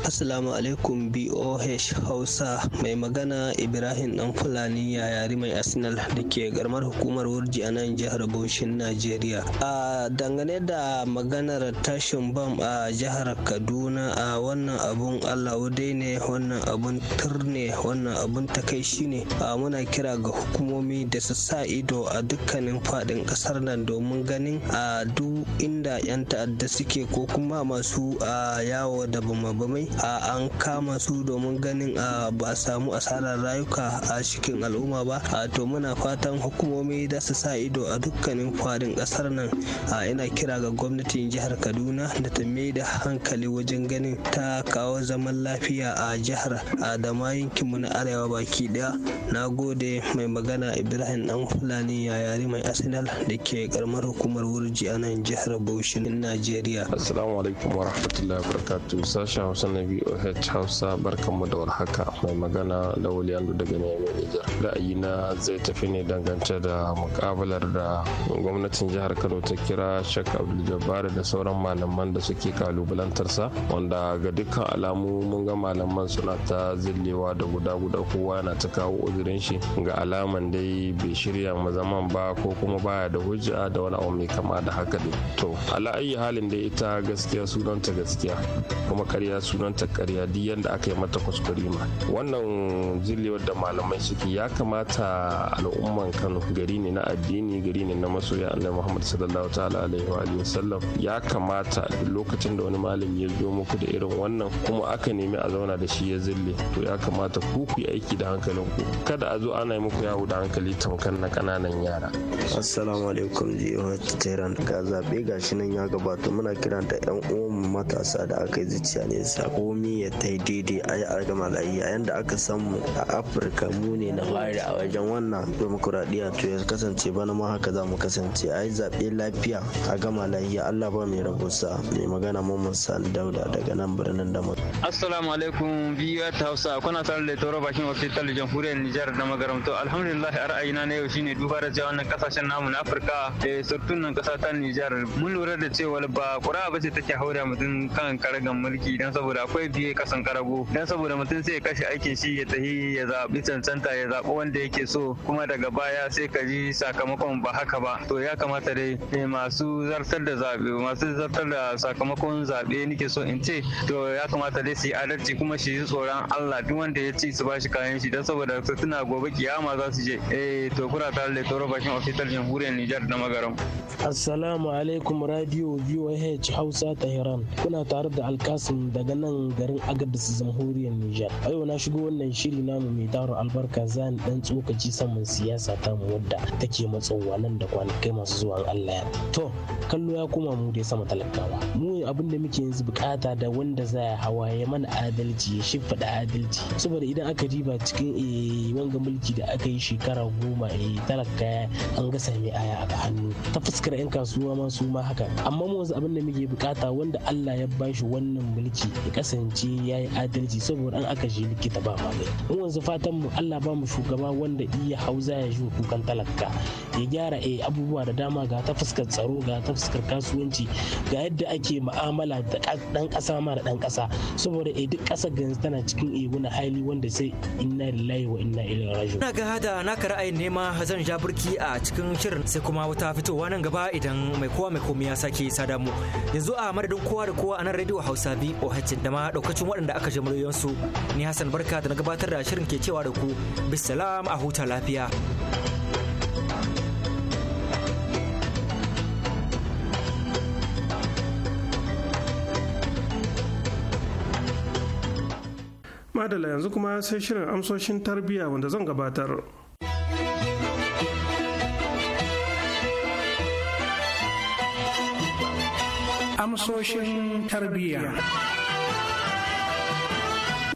Assalamu alaikum BOH Hausa mai magana Ibrahim Dan Fulani yari mai Arsenal da ke garmar hukumar wurji a nan jihar Bauchin Najeriya. A dangane da maganar tashin bam a jihar Kaduna a wannan abun Allah dai ne wannan abun ne, wannan abun takaici ne a muna kira ga hukumomi da su sa ido a dukkanin faɗin ƙasar nan domin ganin a duk inda 'yan ta'adda suke ko kuma masu a yawo da bama-bamai an kama su domin ganin a ba a samu asarar rayuka a cikin al'umma ba to muna fatan hukumomi da su sa ido a dukkanin fadin kasar nan a ina kira ga gwamnatin jihar kaduna da ta mai da hankali wajen ganin ta kawo zaman lafiya a jihar da ma yankinmu na arewa baki ɗaya na gode mai magana ibrahim dan fulani ya yari mai arsenal da ke karamar hukumar wurji a nan jihar bauchi najeriya assalamu alaikum wa sashen hausa na VOH Hausa barkanmu da warhaka mai magana da Yandu daga Da Nijar. Ra'ayina zai tafi ne dangance da mukabalar da gwamnatin jihar Kano ta kira Sheikh Abdul Jabbar da sauran malaman da suke kalubalantar sa wanda ga dukkan alamu mun ga malaman suna ta zillewa da guda guda kowa na ta kawo uzurin shi ga alaman dai bai shirya zaman ba ko kuma baya da hujja da wani abu mai kama da haka dai. To, ala'ayi halin da ita gaskiya sunanta gaskiya kuma karya sunan sunanta karya duk yadda aka yi mata kuskure ma wannan zillewar da malamai suke ya kamata al'umman kano gari ne na addini gari ne na masoya annabi muhammad sallallahu alaihi wa alihi ya kamata lokacin da wani malami ya zo muku da irin wannan kuma aka nemi a zauna da shi ya zille to ya kamata ku ku aiki da hankalin ku kada a zo ana yi muku yawo da hankali tamkan na kananan yara assalamu alaikum jihohar tehran ga zaɓe gashi nan ya gabata muna kiranta yan uwan matasa da aka yi zuciya ne sako komi ya ta daidai a yi argama da yi a yanda aka samu a afirka mu ne na fari a wajen wannan demokuraɗiyya to ya kasance bana ma haka za mu kasance a yi zaɓe lafiya a gama lahiya allah ba yi rabusa mai magana mamman sani dauda daga nan birnin da assalamu alaikum biyu ta hausa kuna tare da toro bakin talle jamhuriyar nijar da magaramto alhamdulillah ra'ayina na yau shine duba da cewa wannan kasashen namu na afirka da eh, surtun nan kasa ta nijar mun lura da cewa ba kura ba ce take haura mutum kan karagan mulki don saboda akwai biye kasan karago dan saboda mutum sai ya kashe aikin shi ya tahi ya zaɓi cancanta ya zaɓi wanda yake so kuma daga baya sai ka ji sakamakon ba haka ba to ya kamata dai eh, masu zartar da zaɓe masu zartar da sakamakon zaɓe nike so in ce to ya kamata dai su yi adalci kuma shi yi tsoron Allah duk wanda ya ci su bashi kayan shi don saboda su tuna gobe kiyama za su je eh to kura ta da toro ofital jamhuriyar Nijar da Magaram Assalamu alaikum radio VOH Hausa Tehran kuna tare da Alkasim daga nan garin agadis jamhuriyar nijar a yau na shigo wannan shiri namu mai daro albarka zan dan tsokaci saman siyasa ta mu wadda take matsowa nan da kwanakai masu zuwa allah ya to kallo ya koma mu dai sama talakawa mu abin da muke yanzu bukata da wanda za ya hawa ya mana adalci ya shimfiɗa adalci saboda idan aka riba cikin eh, wanga mulki da aka yi shekara goma eh, talaka an gasa mai aya a hannu ta fuskar 'yan kasuwa ma su ma haka amma mu abin da muke bukata wanda allah ya bashi wannan mulki ya kasance ya yi adalci saboda an aka shi likita ba magani mu wanzu fatan mu Allah ba mu shugaba wanda iya hauza ya shi kukan talaka ya gyara eh abubuwa da dama ga ta fuskar tsaro ga ta fuskar kasuwanci ga yadda ake mu'amala da dan kasa ma dan kasa saboda eh duk kasa ganin tana cikin eh wani hali wanda sai inna lillahi wa inna ilaihi raji'un na ga hada na naka ra'ayin nema zan ja burki a cikin shirin sai kuma wata fitowa nan gaba idan mai kowa mai komai ya sake sada mu yanzu a madadin kowa da kowa a nan radio Hausa bi OH da ma daukacin waɗanda aka ji muryoyinsu ni Hassan Barka da na gabatar da shirin ke cewa da ku bisalam a huta lafiya. Madala yanzu kuma sai shirin amsoshin tarbiyya wanda zan gabatar. Amsoshin tarbiyya.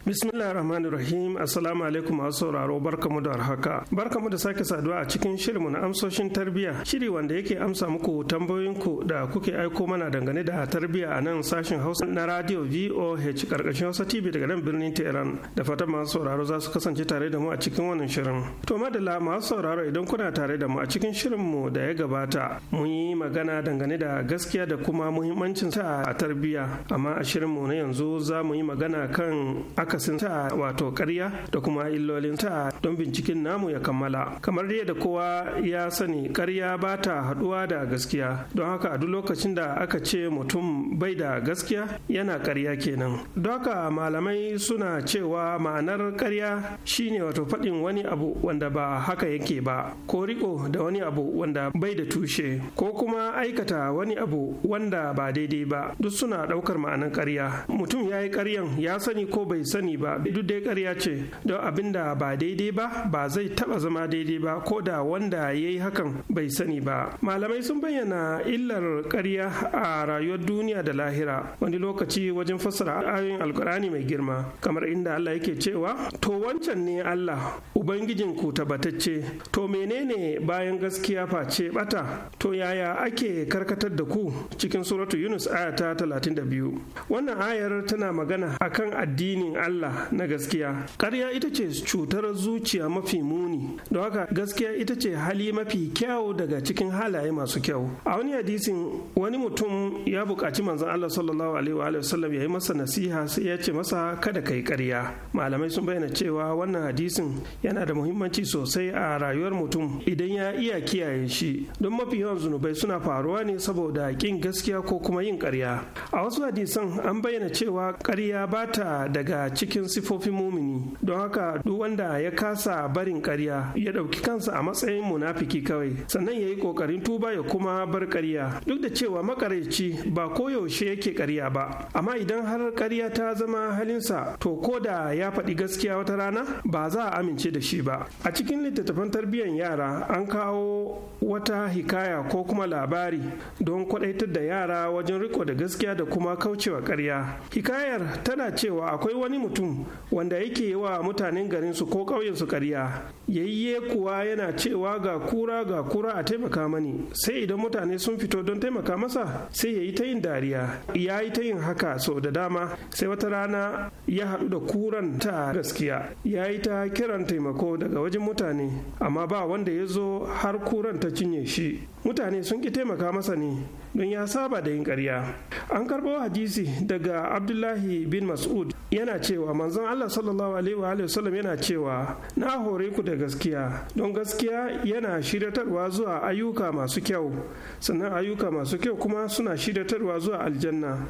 bismillah rahmanir rahim assalamu alaikum masu sauraro barkamu da haka barkamu da sake saduwa a cikin shirinmu na amsoshin tarbiyya shiri wanda yake amsa muku tambayoyinku da kuke aiko mana dangane da tarbiyya a nan sashen hausa na radio voh karkashin hausa tv daga nan birnin tehran da fatan masu sauraro za su kasance tare da mu a cikin wannan shirin to madalla masu sauraro idan kuna tare da mu a cikin shirinmu da ya gabata mun yi magana dangane da gaskiya da kuma muhimmancin sa a tarbiyya amma a shirinmu na yanzu za mu yi magana kan aka akasin ta wato ƙarya da kuma illolin ta don binciken namu ya kammala kamar dai da kowa ya sani ƙarya ba ta haɗuwa da gaskiya don haka a duk lokacin da aka ce mutum bai da gaskiya yana ƙarya kenan don malamai suna cewa ma'anar ƙarya shine wato faɗin wani abu wanda ba haka yake ba ko riko da wani abu wanda bai da tushe ko kuma aikata wani abu wanda ba daidai ba duk suna ɗaukar ma'anar ƙarya mutum ya yi ƙaryan ya sani ko bai sani sani ba duk dai ƙarya ce don abin da ba daidai ba ba zai taɓa zama daidai ba ko da wanda ya yi hakan bai sani ba malamai sun bayyana illar ƙarya a rayuwar duniya da lahira wani lokaci wajen fassara ayoyin alkur'ani mai girma kamar inda Allah yake cewa to wancan ne Allah ubangijin ku tabbatacce to menene bayan gaskiya face bata to yaya ake karkatar da ku cikin suratu Yunus aya ta biyu. wannan ayar tana magana akan addinin Allah Allah na gaskiya ƙarya ita ce cutar zuciya mafi muni don haka gaskiya ita ce hali mafi kyau daga cikin halaye masu kyau a wani hadisin wani mutum ya buƙaci manzon Allah sallallahu alaihi wa sallam ya yi masa nasiha sai ya ce masa kada ka yi karya malamai sun bayyana cewa wannan hadisin yana da muhimmanci sosai a rayuwar mutum idan ya iya kiyaye shi don mafi yawan zunubai suna faruwa ne saboda kin gaskiya ko kuma yin ƙarya a wasu hadisan an bayyana cewa karya ba ta daga cikin sifofin mumini don haka duk wanda ya kasa barin karya ya ɗauki kansa a matsayin munafiki kawai sannan ya yi ƙoƙarin tuba ya kuma bar karya duk da cewa makaraici ba koyaushe yake karya ba amma idan har karya ta zama halinsa to ko da ya faɗi gaskiya wata rana ba za a amince da shi ba a cikin littattafan tarbiyyar yara an kawo wata hikaya ko kuma labari don kwaɗaitar da yara wajen riko da gaskiya da kuma kaucewa ƙarya hikayar tana cewa akwai wani mutum mutum wanda yake yi wa mutanen garinsu ko ƙauyensu ƙarya yayye kuwa yana cewa ga kura ga kura a taimaka mani sai idan mutane sun fito don taimaka masa sai ya yi ta yin dariya ya yi ta yin haka sau da dama sai wata rana ya haɗu da kuran ta gaskiya ya yi ta kiran taimako daga wajen mutane amma ba wanda ya zo har kuran ta cinye shi mutane sun ki taimaka masa ne don ya saba da yin karya. an karɓo hadisi daga abdullahi bin mas'ud yana cewa manzon allah sallallahu alaihi wa yana cewa na hore ku da gaskiya don gaskiya yana shiryatarwa zuwa ayyuka masu kyau sannan ayyuka masu kyau kuma suna shiryatarwa zuwa aljanna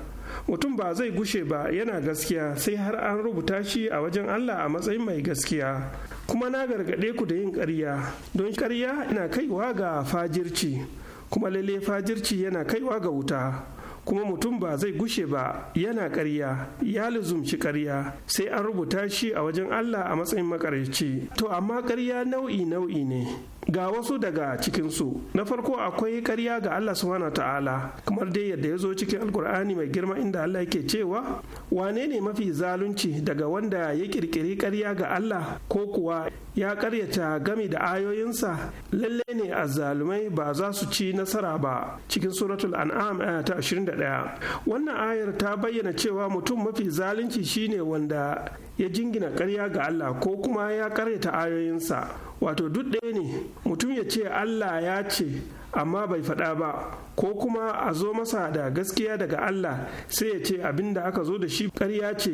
mutum ba zai gushe ba yana gaskiya sai har an rubuta shi a wajen Allah a matsayin mai gaskiya kuma na gargaɗe ku da yin ƙarya don ƙarya ina kaiwa ga fajirci kuma lalle fajirci yana kaiwa ga wuta kuma mutum ba zai gushe ba yana ƙarya ya luzumci karya. sai an rubuta shi a wajen Allah a matsayin makarici to amma ƙarya nau'i nau'i ne ga wasu daga cikinsu na farko akwai ƙarya ga Allah subhanahu ta'ala kamar dai yadda ya zo cikin alkur'ani mai girma inda Allah yake cewa wane ne mafi zalunci daga wanda ya ƙirƙiri ƙarya ga Allah ko kuwa ya karyata gami da ayoyinsa lalle ne azzalumai ba za su ci nasara ba cikin suratul an'am aya ta 21 wannan ayar ta bayyana cewa mutum mafi zalunci shine wanda ya jingina ƙarya ga Allah ko kuma ya ƙaryata ayoyinsa wato duk ɗaya ne mutum ya ce Allah ya ce amma bai faɗa ba ko kuma a zo masa da gaskiya daga Allah sai ya ce abin da aka zo da shi ƙarya ce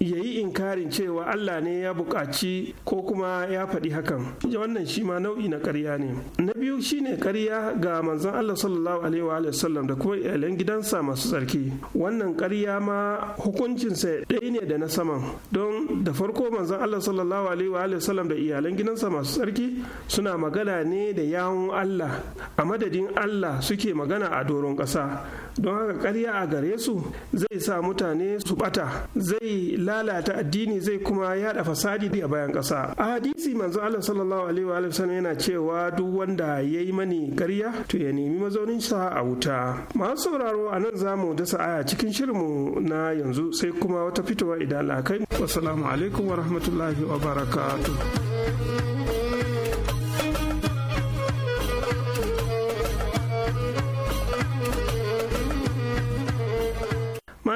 ya yi inkarin cewa Allah ne ya buƙaci ko kuma ya faɗi hakan wannan shi ma nau'i na ƙarya ne na biyu shi ne ƙarya ga manzon Allah sallallahu alaihi wa da kuma iyalan gidansa masu tsarki wannan ƙarya ma hukuncinsa ɗaya ne da na saman don da farko manzon Allah sallallahu alaihi wa da iyalan gidansa masu tsarki suna magana ne da yawun Allah a madadin Allah suke magana a doron ƙasa don haka ƙarya a gare su zai sa mutane su ɓata zai lalata addini zai kuma yada fasadi a bayan ƙasa a hadisi manzo Allah sallallahu alaihi wa sallam yana cewa duk wanda yayi mani ƙarya to ya nemi mazaunin sa a wuta masu sauraro a nan zamu dasa aya cikin shirinmu na yanzu sai kuma wata fitowa idan Allah kai wassalamu alaikum wa rahmatullahi wa barakatuh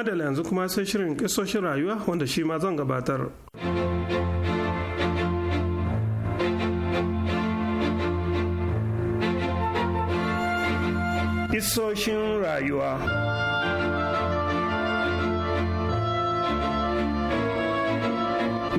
madala yanzu kuma sai shirin kisoshin rayuwa wanda shi ma zan gabatar. Kisoshin rayuwa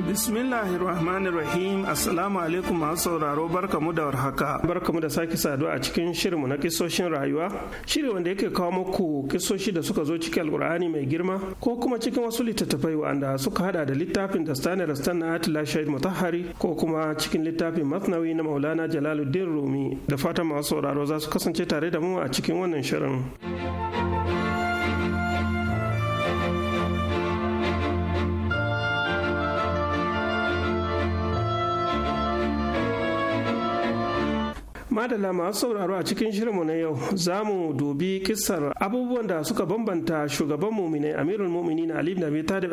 rahim Assalamu alaikum masu sauraro barkamu da warhaka. Barkamu da sake saduwa a cikin shirinmu na kisoshin rayuwa. Shiri wanda yake kawo muku kisoshi da suka zo cikin Alkur'ani mai girma ko kuma cikin wasu littattafai wanda suka hada da littafin da Stanley Rastan na Atila Shahid Mutahari ko kuma cikin littafin Masnawi na Maulana Jalaluddin Rumi da fatan masu sauraro za su kasance tare da mu a cikin wannan shirin. madalla masu sauraro a cikin shirinmu na yau za mu dubi kisar abubuwan da suka bambanta shugaban muminai amirul mumini na abi talib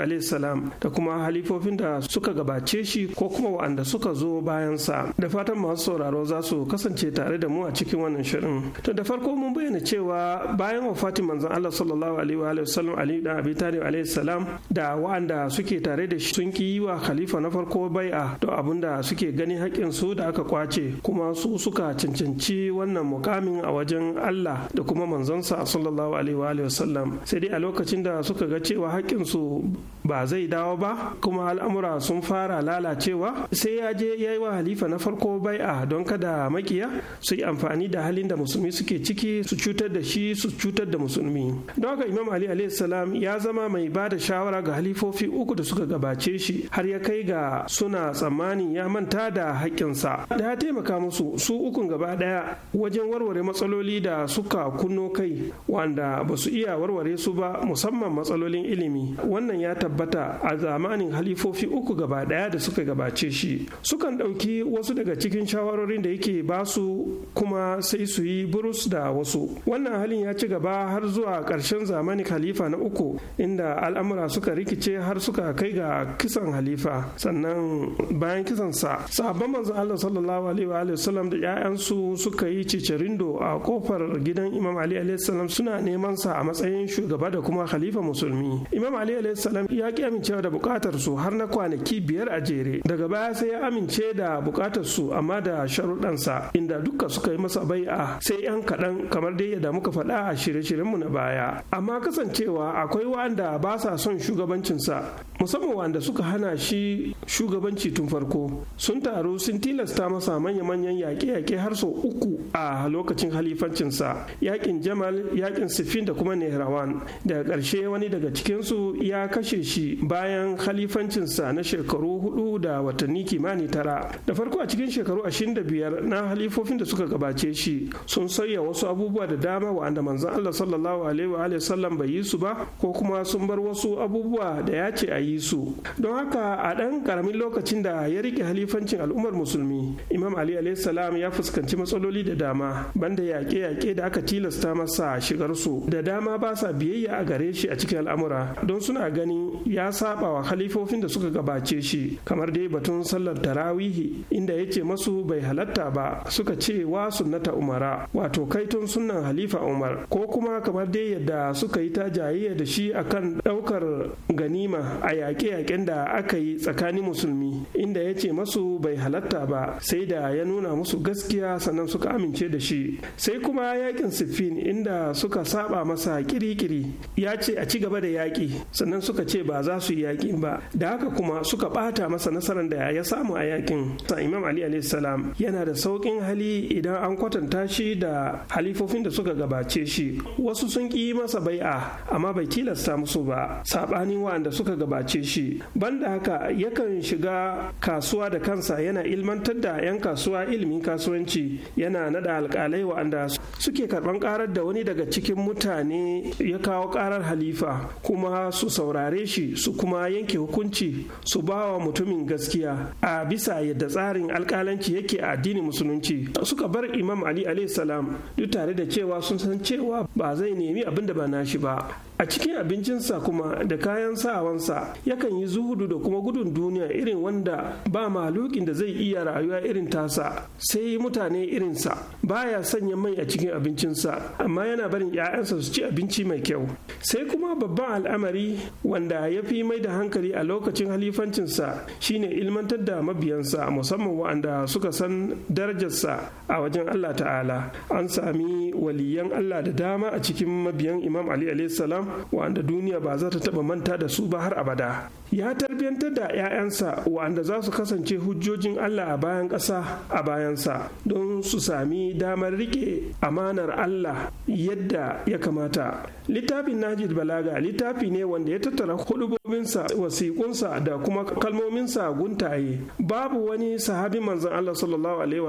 da kuma halifofin da suka gabace shi ko kuma wa'anda suka zo bayansa. da fatan masu sauraro za su kasance tare da mu a cikin wannan shirin to da farko mun bayyana cewa bayan wafatin manzon Allah sallallahu alaihi wa sallam ali da abi talib alayhi salam da wa'anda suke tare da shi sun ki yi wa khalifa na farko bai'a to abinda suke ganin haƙƙin su da aka kwace kuma su suka cancanci wannan mukamin a wajen Allah da kuma manzonsa sallallahu alaihi wa sallam sai dai a lokacin da suka ga cewa haƙƙinsu ba zai dawo ba kuma al'amura sun fara lalacewa sai ya je ya yi wa halifa na farko bai'a don kada makiya su yi amfani da halin da musulmi suke ciki su cutar da shi su cutar da musulmi don haka imam ali salam ya zama mai ba da shawara ga halifofi uku da suka gabace shi har ya kai ga suna tsammanin ya manta da haƙƙinsa da ya taimaka musu su ukun gaba ɗaya wajen warware matsaloli da suka kunno kai wanda ba su iya warware su ba musamman matsalolin ilimi wannan ya tabbata a zamanin halifofi uku gaba ɗaya da suka gabace shi sukan ɗauki wasu daga cikin shawarorin da yake ba su kuma sai su yi burus da wasu wannan halin ya ci gaba har zuwa ƙarshen zamanin halifa na uku inda al'amura suka rikice har suka kai ga kisan halifa sannan bayan kisansa sabon manzon Allah sallallahu alaihi wa sallam da 'ya'yansu wasu suka yi cicirindo a kofar gidan imam ali salam suna neman sa a matsayin shugaba da kuma khalifa musulmi imam ali salam ya ki amincewa da bukatar su har na kwanaki biyar a jere daga baya sai ya amince da bukatar su amma da sharuɗansa inda dukka suka yi masa bai'a sai yan kaɗan kamar dai yadda muka faɗa a shirye shiryen mu na baya amma kasancewa akwai wanda ba sa son shugabancinsa musamman wanda suka hana shi shugabanci tun farko sun taru sun tilasta masa manya-manyan yaƙe-yaƙe har sau uku a lokacin halifancinsa yakin jamal yakin sifin da kuma nehrawan daga ƙarshe wani daga cikinsu ya kashe shi bayan halifancinsa na shekaru hudu da watanni kimani tara da farko a cikin shekaru ashirin da biyar na halifofin da suka gabace shi sun sauya wasu abubuwa da dama wa'anda manzon allah sallallahu alaihi wa sallam bai yi su ba ko kuma sun bar wasu abubuwa da ya ce a yi su don haka a ɗan ƙaramin lokacin da ya rike halifancin al'ummar musulmi imam ali alaihi salam ya fuskanci fuskanci matsaloli da dama banda yaƙe-yaƙe da aka tilasta masa shigar su da dama ba sa biyayya a gare shi a cikin al'amura don suna ganin ya saba wa halifofin da suka gabace shi kamar dai batun sallar tarawihi inda ya ce masu bai halatta ba suka ce wa sunnata umara wato kaiton sunnan halifa umar ko kuma kamar dai yadda suka yi ta jayayya da shi akan ɗaukar ganima a yaƙe-yaƙen da aka yi tsakanin musulmi inda ya ce masu bai halatta ba sai da ya nuna musu gaskiya sannan suka amince da shi sai kuma yakin siffin inda suka saba masa kirikiri ya ce a ci gaba da yaƙi sannan suka ce ba za su yi yaƙi ba da haka kuma suka ɓata masa nasarar da ya samu a yaƙin. sa imam ali salam yana da sauƙin hali idan an kwatanta shi da halifofin da suka gabace shi wasu sun ƙi masa bai'a amma bai tilasta musu ba Sabanin wa'anda suka gabace shi banda haka yakan shiga kasuwa da kansa yana ilmantar da 'yan kasuwa ilimin kasuwanci yana nada alkalai wa'anda suke karban karar da wani daga cikin mutane ya kawo karar halifa kuma su saurare shi su kuma yanke hukunci su bawa mutumin gaskiya a bisa yadda tsarin alkalanci yake a addinin musulunci suka bar imam ali salam duk tare da cewa sun san cewa ba zai nemi abin da ba nashi ba a cikin abincinsa kuma da kayan sawansa yakan yi zuhudu da kuma gudun duniya irin wanda ba malukin da zai iya rayuwa irin tasa sai mutane irinsa baya sanya mai a cikin abincinsa amma yana barin 'ya'yansa su ci abinci mai kyau sai kuma babban al'amari wanda ya fi mai da hankali a lokacin halifancinsa shine ilmantar da mabiyansa musamman waɗanda suka san darajarsa a wajen Allah ta'ala an sami waliyan Allah da dama a cikin mabiyan Imam Ali alaihi wanda duniya ba za ta taɓa manta da su ba har abada ya tarbiyantar da 'ya'yansa wa'anda za su kasance hujjojin Allah a bayan ƙasa a bayansa don su sami damar rike amanar Allah yadda ya kamata. Littafin Najid Balaga littafi ne wanda ya tattara hudubobinsa wasiƙunsa da kuma kalmominsa guntaye. Babu wani sahabi manzon Allah sallallahu alaihi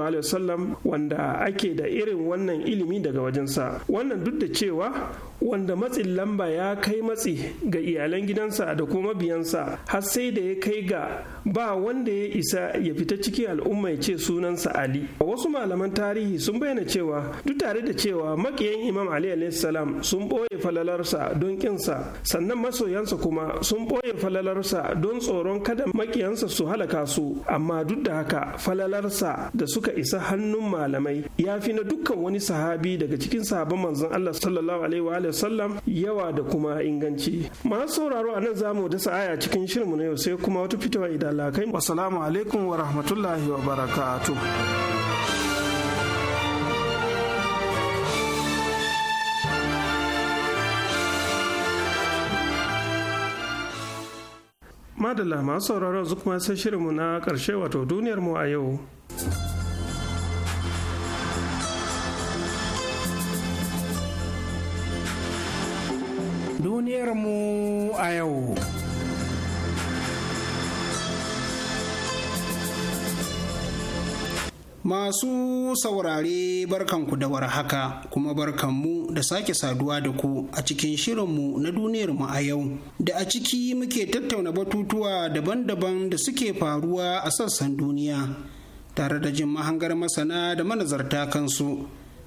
wa wanda ake da irin wannan ilimi daga wajensa. Wannan duk da cewa wanda matsin lamba ya kai matsi ga iyalan gidansa da kuma mabiyansa har sai da ya kai ga ba wanda ya isa ya fita cikin al'umma ya ce sunansa ali a wasu malaman tarihi sun bayyana cewa duk tare da cewa makiyan imam ali salam sun ɓoye falalarsa don ƙinsa. sannan masoyansa kuma sun ɓoye falalarsa don tsoron kada makiyansa su halaka su amma duk da haka falalarsa da suka isa hannun malamai ya fi na dukkan wani sahabi daga cikin sahabban manzon Allah sallallahu alaihi wa sallam yawa da kuma inganci masu sauraro a nan zamu dasa aya cikin cikin shirinmu na yau sai kuma wata fitowa idan lakai wasalamu alaikum wa rahmatullahi wa barakatu. madalla masu sauraron yanzu kuma sai shirinmu na ƙarshe wato duniyar mu a yau Duniyar mu a yau Masu saurare barkanku da warhaka kuma barkanmu da sake saduwa da ku a cikin shirinmu na duniyar mu a yau da a ciki muke tattauna batutuwa daban-daban da suke faruwa a sassan duniya tare da jin mahangar masana da manazarta kansu.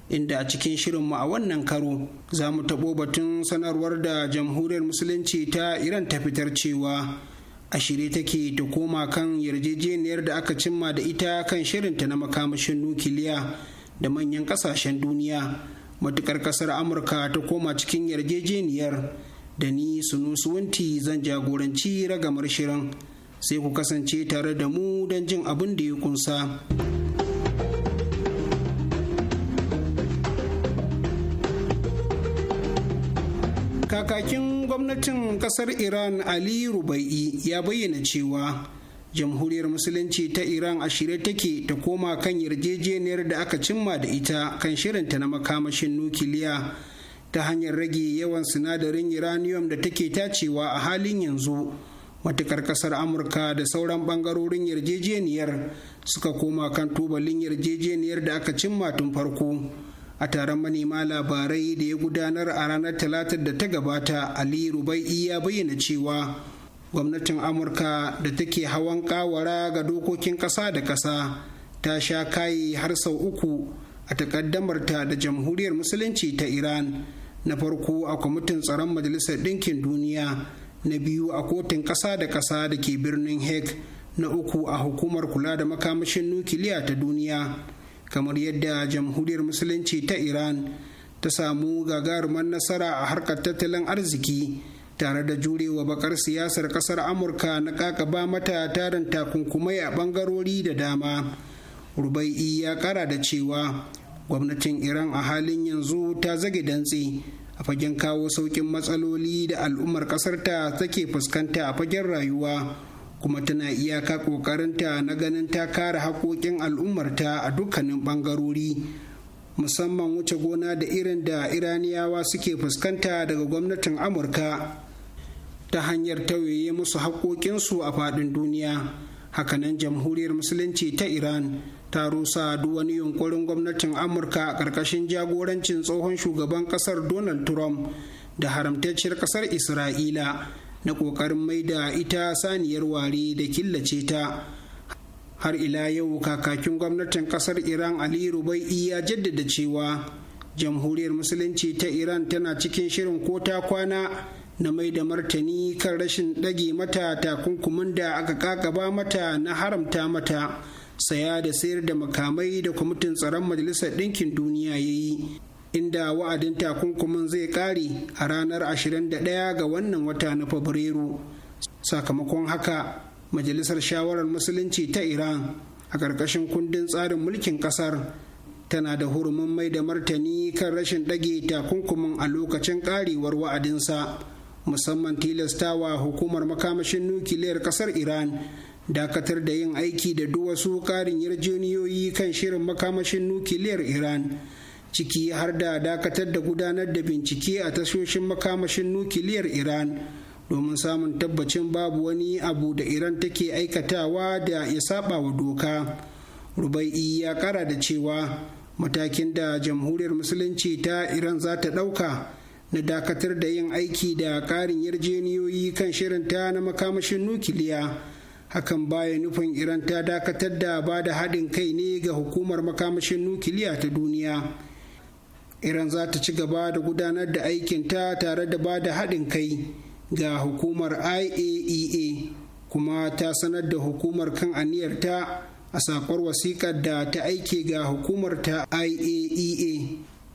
inda a cikin shirinmu a wannan karo za mu taɓo batun sanarwar da jamhuriyar musulunci ta iran ta fitar cewa a shirye take ta koma kan yarjejeniyar da aka cimma da ita kan shirinta na makamashin nukiliya da manyan kasashen duniya matukar kasar amurka ta koma cikin yarjejeniyar da ni sunusuwanti zan jagoranci ragamar shirin sai ku kasance tare da mu don jin abin da ya kunsa. kakakin gwamnatin kasar iran ali rubai ya bayyana cewa jamhuriyar musulunci ta iran a shirye take ta koma kan yarjejeniyar da aka cimma da ita kan shirinta na makamashin nukiliya ta hanyar rage yawan sinadarin uranium da take tacewa a halin yanzu matukar kasar amurka da sauran bangarorin yarjejeniyar suka koma kan tubalin yarjejeniyar da aka cimma tun farko a taron manema labarai da ya gudanar a ranar talatar da ta gabata ali rubai e ya bayyana cewa gwamnatin amurka da take hawan kawara ga dokokin ƙasa da ƙasa ta sha kayi har sau uku a ta da jamhuriyar musulunci ta iran na farko a kwamitin tsaron majalisar ɗinkin duniya na biyu a kotun ƙasa da ƙasa da ke birnin hague na uku a hukumar kula da makamashin nukiliya ta duniya kamar yadda jamhuriyar musulunci ta iran ta samu gagarumar nasara a harkar tattalin arziki tare da jurewa bakar siyasar kasar amurka na kakaba mata tarin takunkumai a bangarori da dama rubai'i ya kara da cewa gwamnatin iran a halin yanzu ta zage dantse a fagen kawo sauƙin matsaloli da al'ummar ƙasarta take fuskanta a fagen rayuwa kuma tana iyaka ƙoƙarinta na ganin ta kare haƙoƙin al'ummarta a dukkanin ɓangarori musamman wuce gona da irin da iraniyawa suke fuskanta daga gwamnatin amurka ta hanyar tauye musu haƙoƙinsu a faɗin duniya hakanan jamhuriyar musulunci ta iran ta rusa duk wani yunkurin gwamnatin amurka a ƙarƙashin jagorancin tsohon shugaban ƙasar donald trump da haramtacciyar ƙasar isra'ila na ƙoƙarin maida ita saniyar ware da killace ta har ila yau kakakin gwamnatin kasar iran ali rubai'i ya jaddada cewa jamhuriyar musulunci ta iran tana cikin shirin ko ta kwana na mai da martani kan rashin ɗage mata takunkumin da aka kakaba mata na haramta mata saya da sayar da makamai da kwamitin tsaron majalisar ɗinkin duniya ya yi inda wa'adin takunkumin zai kare a ranar 21 ga wannan wata na fabrairu sakamakon haka majalisar shawarar musulunci ta iran a ƙarƙashin kundin tsarin mulkin ƙasar tana da hurumin mai da martani kan rashin ɗage takunkumin a lokacin ƙarewar wa'adinsa musamman tilastawa hukumar makamashin nukiliyar ƙasar iran dakatar da yin aiki da duwasu ƙarin yarjejeniyoyi kan shirin makamashin nukiliyar iran ciki har da dakatar da gudanar da bincike a tashoshin makamashin nukiliyar iran domin samun tabbacin babu wani abu da iran take aikatawa da ya saba wa doka rubai'i ya kara da cewa matakin da jamhuriyar musulunci ta iran za ta ɗauka na dakatar da yin aiki da karin yarjeniyoyi kan shirinta na makamashin nukiliya hakan baya nufin iran ta dakatar da ba da haɗin kai ne ga hukumar makamashin nukiliya ta duniya iran za ta ci gaba da gudanar da aikinta tare da ba da haɗin kai ga hukumar iaea e kuma ta sanar da hukumar kan aniyarta a sakwar wasiƙar da ta aike ga hukumar ta iaea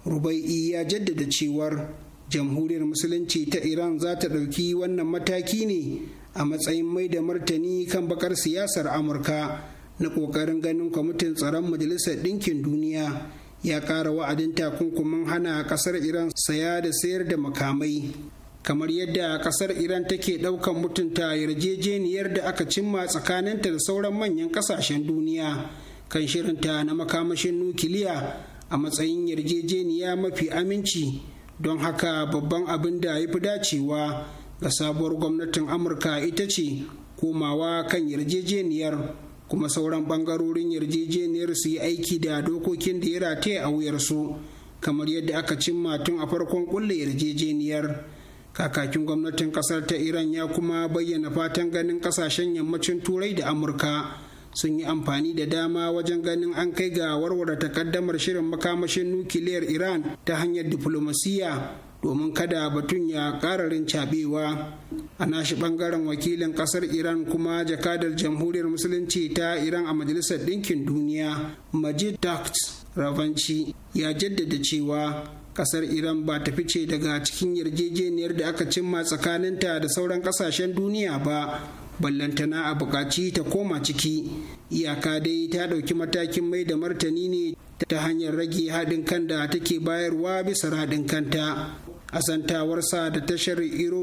rubai'i ya jaddada cewar jamhuriyar musulunci ta iran za ta ɗauki wannan mataki ne a matsayin mai da martani kan bakar siyasar amurka na ƙoƙarin ganin kwamitin tsaron majalisar ɗinkin duniya ya ƙara wa'adin takunkumin hana ƙasar iran saya da sayar da makamai kamar yadda ƙasar iran take daukan mutunta yarjejeniyar da aka cimma tsakaninta da sauran manyan ƙasashen duniya kan shirinta na makamashin nukiliya a matsayin yarjejeniya mafi aminci don haka babban abin da ya fi dacewa ga sabuwar gwamnatin amurka ita ce komawa kan yarjejeniyar kuma sauran bangarorin yarjejeniyar su yi aiki da dokokin da ya rataya a wuyarsu kamar yadda aka cimma tun a farkon kulle yarjejeniyar kakakin gwamnatin kasar ta iran ya kuma bayyana fatan ganin kasashen yammacin turai da amurka sun yi amfani da dama wajen ganin an kai ga warware takaddamar shirin makamashin nukiliyar iran ta hanyar diflomasiyya domin kada batun ya kararin cabewa a nashi bangaren wakilin kasar iran kuma jakadar jamhuriyar musulunci ta iran a majalisar ɗinkin duniya majid dakt ravanci ya jaddada cewa kasar iran ba ta fice daga cikin yarjejeniyar da aka cimma tsakaninta da sauran kasashen duniya ba ballantana a bukaci ta koma ciki iyaka dai ta ɗauki matakin mai da martani ne ta hanyar rage haɗin kan da take bayarwa bisa haɗin kanta kasantawarsa da tashar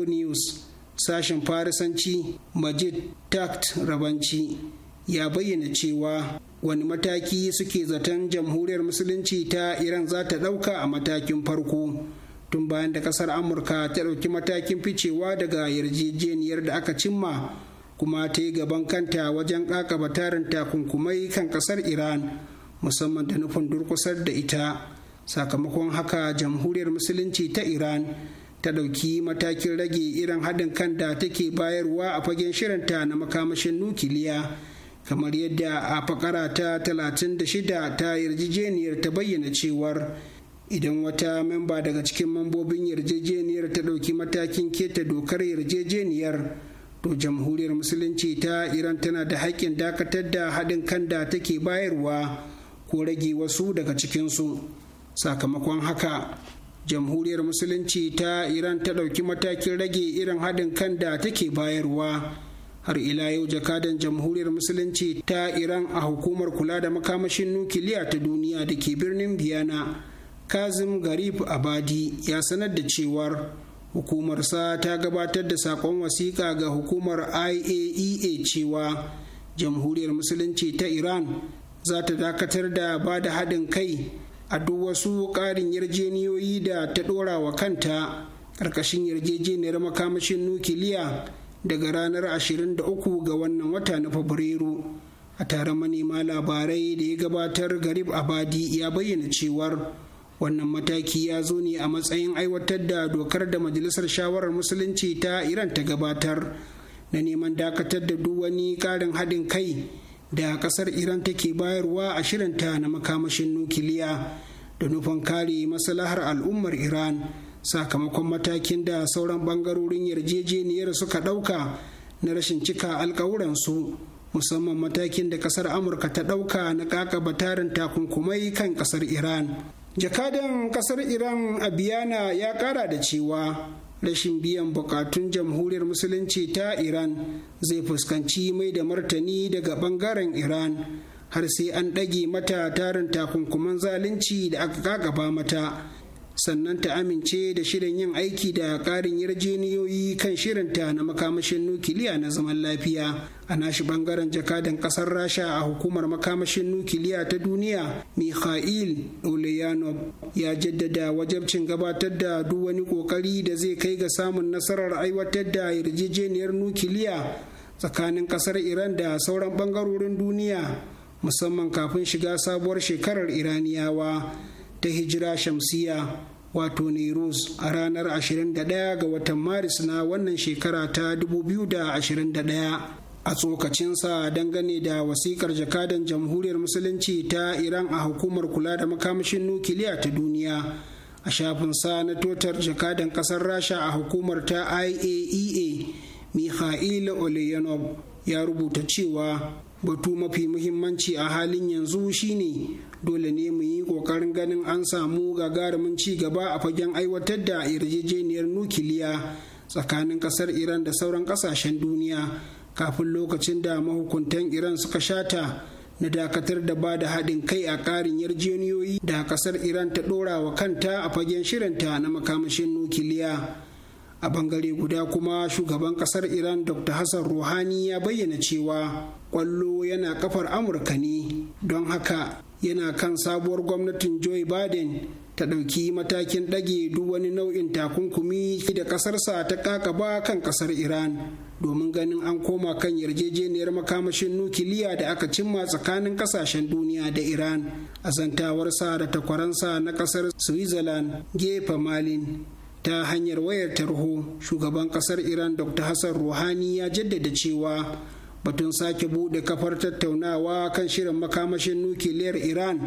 News sashen farisanci majid takt rabanci ya bayyana cewa wani mataki suke zaton jamhuriyar musulunci ta iran za ta ɗauka a matakin farko tun bayan da ƙasar amurka ta ɗauki matakin ficewa daga yarjejeniyar da aka cimma kuma ta yi gaban kanta wajen ƙaƙaba tarin takunkumai kan ƙasar iran musamman da nufin durkusar da ita sakamakon haka jamhuriyar musulunci ta iran ta ɗauki matakin rage irin haɗin kan da take bayarwa a fagen shirinta na makamashin nukiliya kamar yadda a fakara ta 36 ta yarjejeniyar ta bayyana cewar idan wata memba daga cikin mambobin yarjejeniyar ta ɗauki matakin keta dokar yarjejeniyar to jamhuriyar musulunci ta iran tana da haƙƙin dakatar da haɗin kan da take bayarwa ko rage wasu daga cikinsu sakamakon haka jamhuriyar musulunci ta iran ta ɗauki matakin rage irin haɗin kan da take bayarwa har ila yau jakadan jamhuriyar musulunci ta iran a hukumar kula da makamashin nukiliya ta duniya da ke birnin biyana kazim garib abadi ya sanar da cewar hukumar sa ta gabatar da saƙon wasiƙa ga hukumar iaea e cewa jamhuriyar musulunci ta iran za ta dakatar da ba da haɗin kai a duk wasu ƙarin yarjejeniyoyi da ta ɗora wa kanta ƙarƙashin yarjejeniyar makamashin nukiliya daga ranar 23 ga wannan wata na fabrairu a taron manema labarai da ya gabatar garib abadi ya bayyana cewar wannan mataki ya zo ne a matsayin aiwatar da dokar da majalisar shawarar musulunci ta iran ta gabatar na neman dakatar da duk wani ƙarin haɗin kai da kasar iran take bayarwa a shirinta na makamashin nukiliya da nufan kare maslahar al'ummar iran sakamakon matakin da sauran bangarorin yarjejeniyar suka ɗauka na rashin cika alkawuransu musamman matakin da kasar amurka ta ɗauka na kakaba tarin takunkumai kan kasar iran jakadan kasar iran abiyana ya ƙara da cewa rashin biyan bukatun jamhuriyar musulunci ta iran zai fuskanci mai da martani daga bangaren iran har sai an ɗage mata tarin takunkuman zalunci da aka gagaba mata sannan ta amince da shirin yin aiki da ƙarin yarjeniyoyi kan shirinta na makamashin nukiliya na zaman lafiya a nashi bangaren jakadan ƙasar rasha a hukumar makamashin nukiliya ta duniya mikhail oleyanov ya jaddada wajabcin gabatar da duk wani ƙoƙari da zai kai ga samun nasarar aiwatar da yarjejeniyar nukiliya tsakanin ƙasar iran da sauran bangarorin duniya musamman kafin shiga sabuwar shekarar iraniyawa ta hijira shamsiya wato nairus a ranar 21 ga watan Maris na wannan shekara ta 2021 a tsokacinsa dangane da wasikar jakadan jamhuriyar musulunci ta Iran a hukumar kula da makamashin nukiliya ta duniya a shafin sa na totar jakadan kasar rasha a hukumar ta IAEA e Mikhail Oleyanov ya rubuta cewa batu mafi muhimmanci a halin yanzu shine dole ne mu yi ƙoƙarin ganin an samu gagarumin ci gaba a fagen aiwatar da yarjejeniyar nukiliya tsakanin ƙasar iran da sauran ƙasashen duniya kafin lokacin da mahukuntan iran suka shata na dakatar da ba da haɗin kai a ƙarin yarjejeniyoyi da ƙasar iran ta ɗora wa kanta a fagen shirinta na makamashin nukiliya a bangare guda kuma shugaban ƙasar iran dr hassan ruhani ya bayyana cewa ƙwallo yana kafar amurka ne don haka yana kan sabuwar gwamnatin joe biden ta ɗauki matakin ɗage duk wani nau'in takunkumi da ƙasarsa ta ƙaƙaba kan ƙasar iran domin ganin an koma kan yarjejeniyar makamashin nukiliya da aka cimma tsakanin ƙasashen duniya da iran a zantawarsa da takwaransa na ƙasar switzerland gefe malin ta hanyar wayar tarho shugaban ƙasar iran dr hassan ruhani ya jaddada cewa batun sake bude kafar tattaunawa kan shirin makamashin nukiliyar iran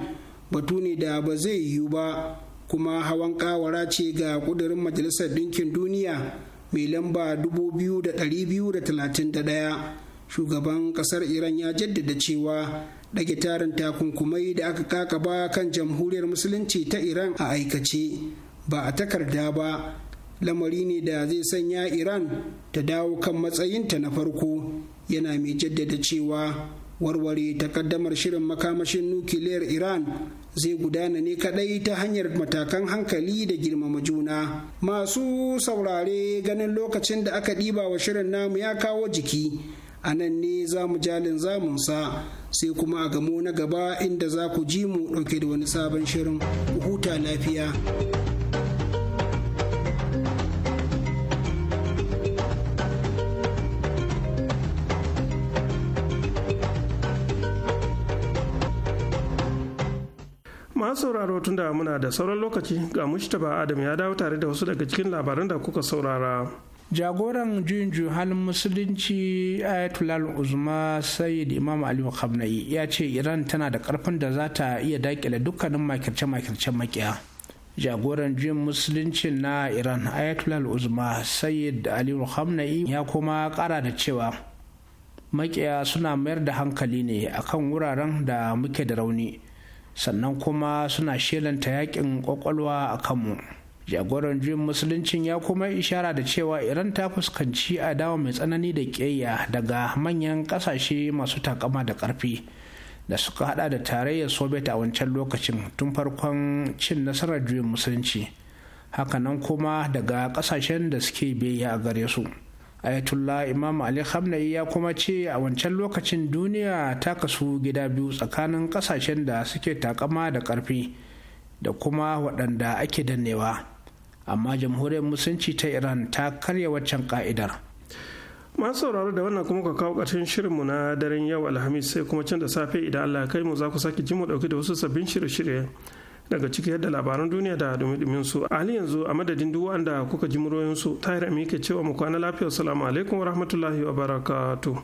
batu ne da ba zai yiwu ba kuma hawan kawara ce ga kudurin majalisar ɗinkin duniya mai lamba 2231 shugaban kasar iran ya jaddada cewa ɗage tarin takunkumai da aka kakaba kan jamhuriyar musulunci ta iran a aikace ba a takarda ba lamari ne da zai sanya iran ta dawo kan matsayinta na farko yana mai jaddada cewa warware takaddamar shirin makamashin nukiliyar iran zai gudana ne kadai ta hanyar matakan hankali da girmama juna masu saurare ganin lokacin da aka ɗiba wa shirin namu ya kawo jiki a nan ne za mu jalin zamunsa sai kuma a gamo na gaba inda za ku ji mu ɗauke da wani sabon shirin huta lafiya. masu sauraro tunda muna da sauran lokaci ga mushtaba adam ya dawo tare da wasu daga cikin labaran da kuka saurara jagoran juyin halin musulunci ayatollah uzma sayyid imam ali khamenei ya ce iran tana da karfin da za ta iya dakile dukkanin makirce-makircen makiya jagoran juyin musulunci na iran ayatollah uzma sayyid ali khamenei ya kuma kara da cewa makiya suna mayar da hankali ne akan wuraren da muke da rauni sannan kuma suna shelanta yakin kwakwalwa a kanmu jagoran juyin musuluncin ya kuma ishara da cewa iran ta fuskanci adawa mai tsanani da ƙeya daga manyan ƙasashe masu takama da ƙarfi da suka hada da tarayyar soviet a wancan lokacin tun farkon cin nasarar juyin musulunci hakanan kuma daga ƙasashen da suke biyayya a gare su. ayatullah imam ali khamenei ya kuma ce a wancan lokacin duniya ta kasu gida biyu tsakanin kasashen da suke takama da karfi da kuma waɗanda ake dannewa amma jamhuriyar musulunci ta iran ta karya waccan ka'idar masu sauraro da wannan kuma ka kawo ƙarshen shirinmu na daren yau alhamis sai kuma can da safe idan allah kai mu za ku sake ji mu dauki da wasu sabbin shirye-shirye daga ciki yadda labaran duniya da dumi su a hali yanzu a madadin duk wanda kuka ji muroyin su yi amin ke cewa mu kwana lafiya salamu alaikum wa rahmatullahi wa barakatuh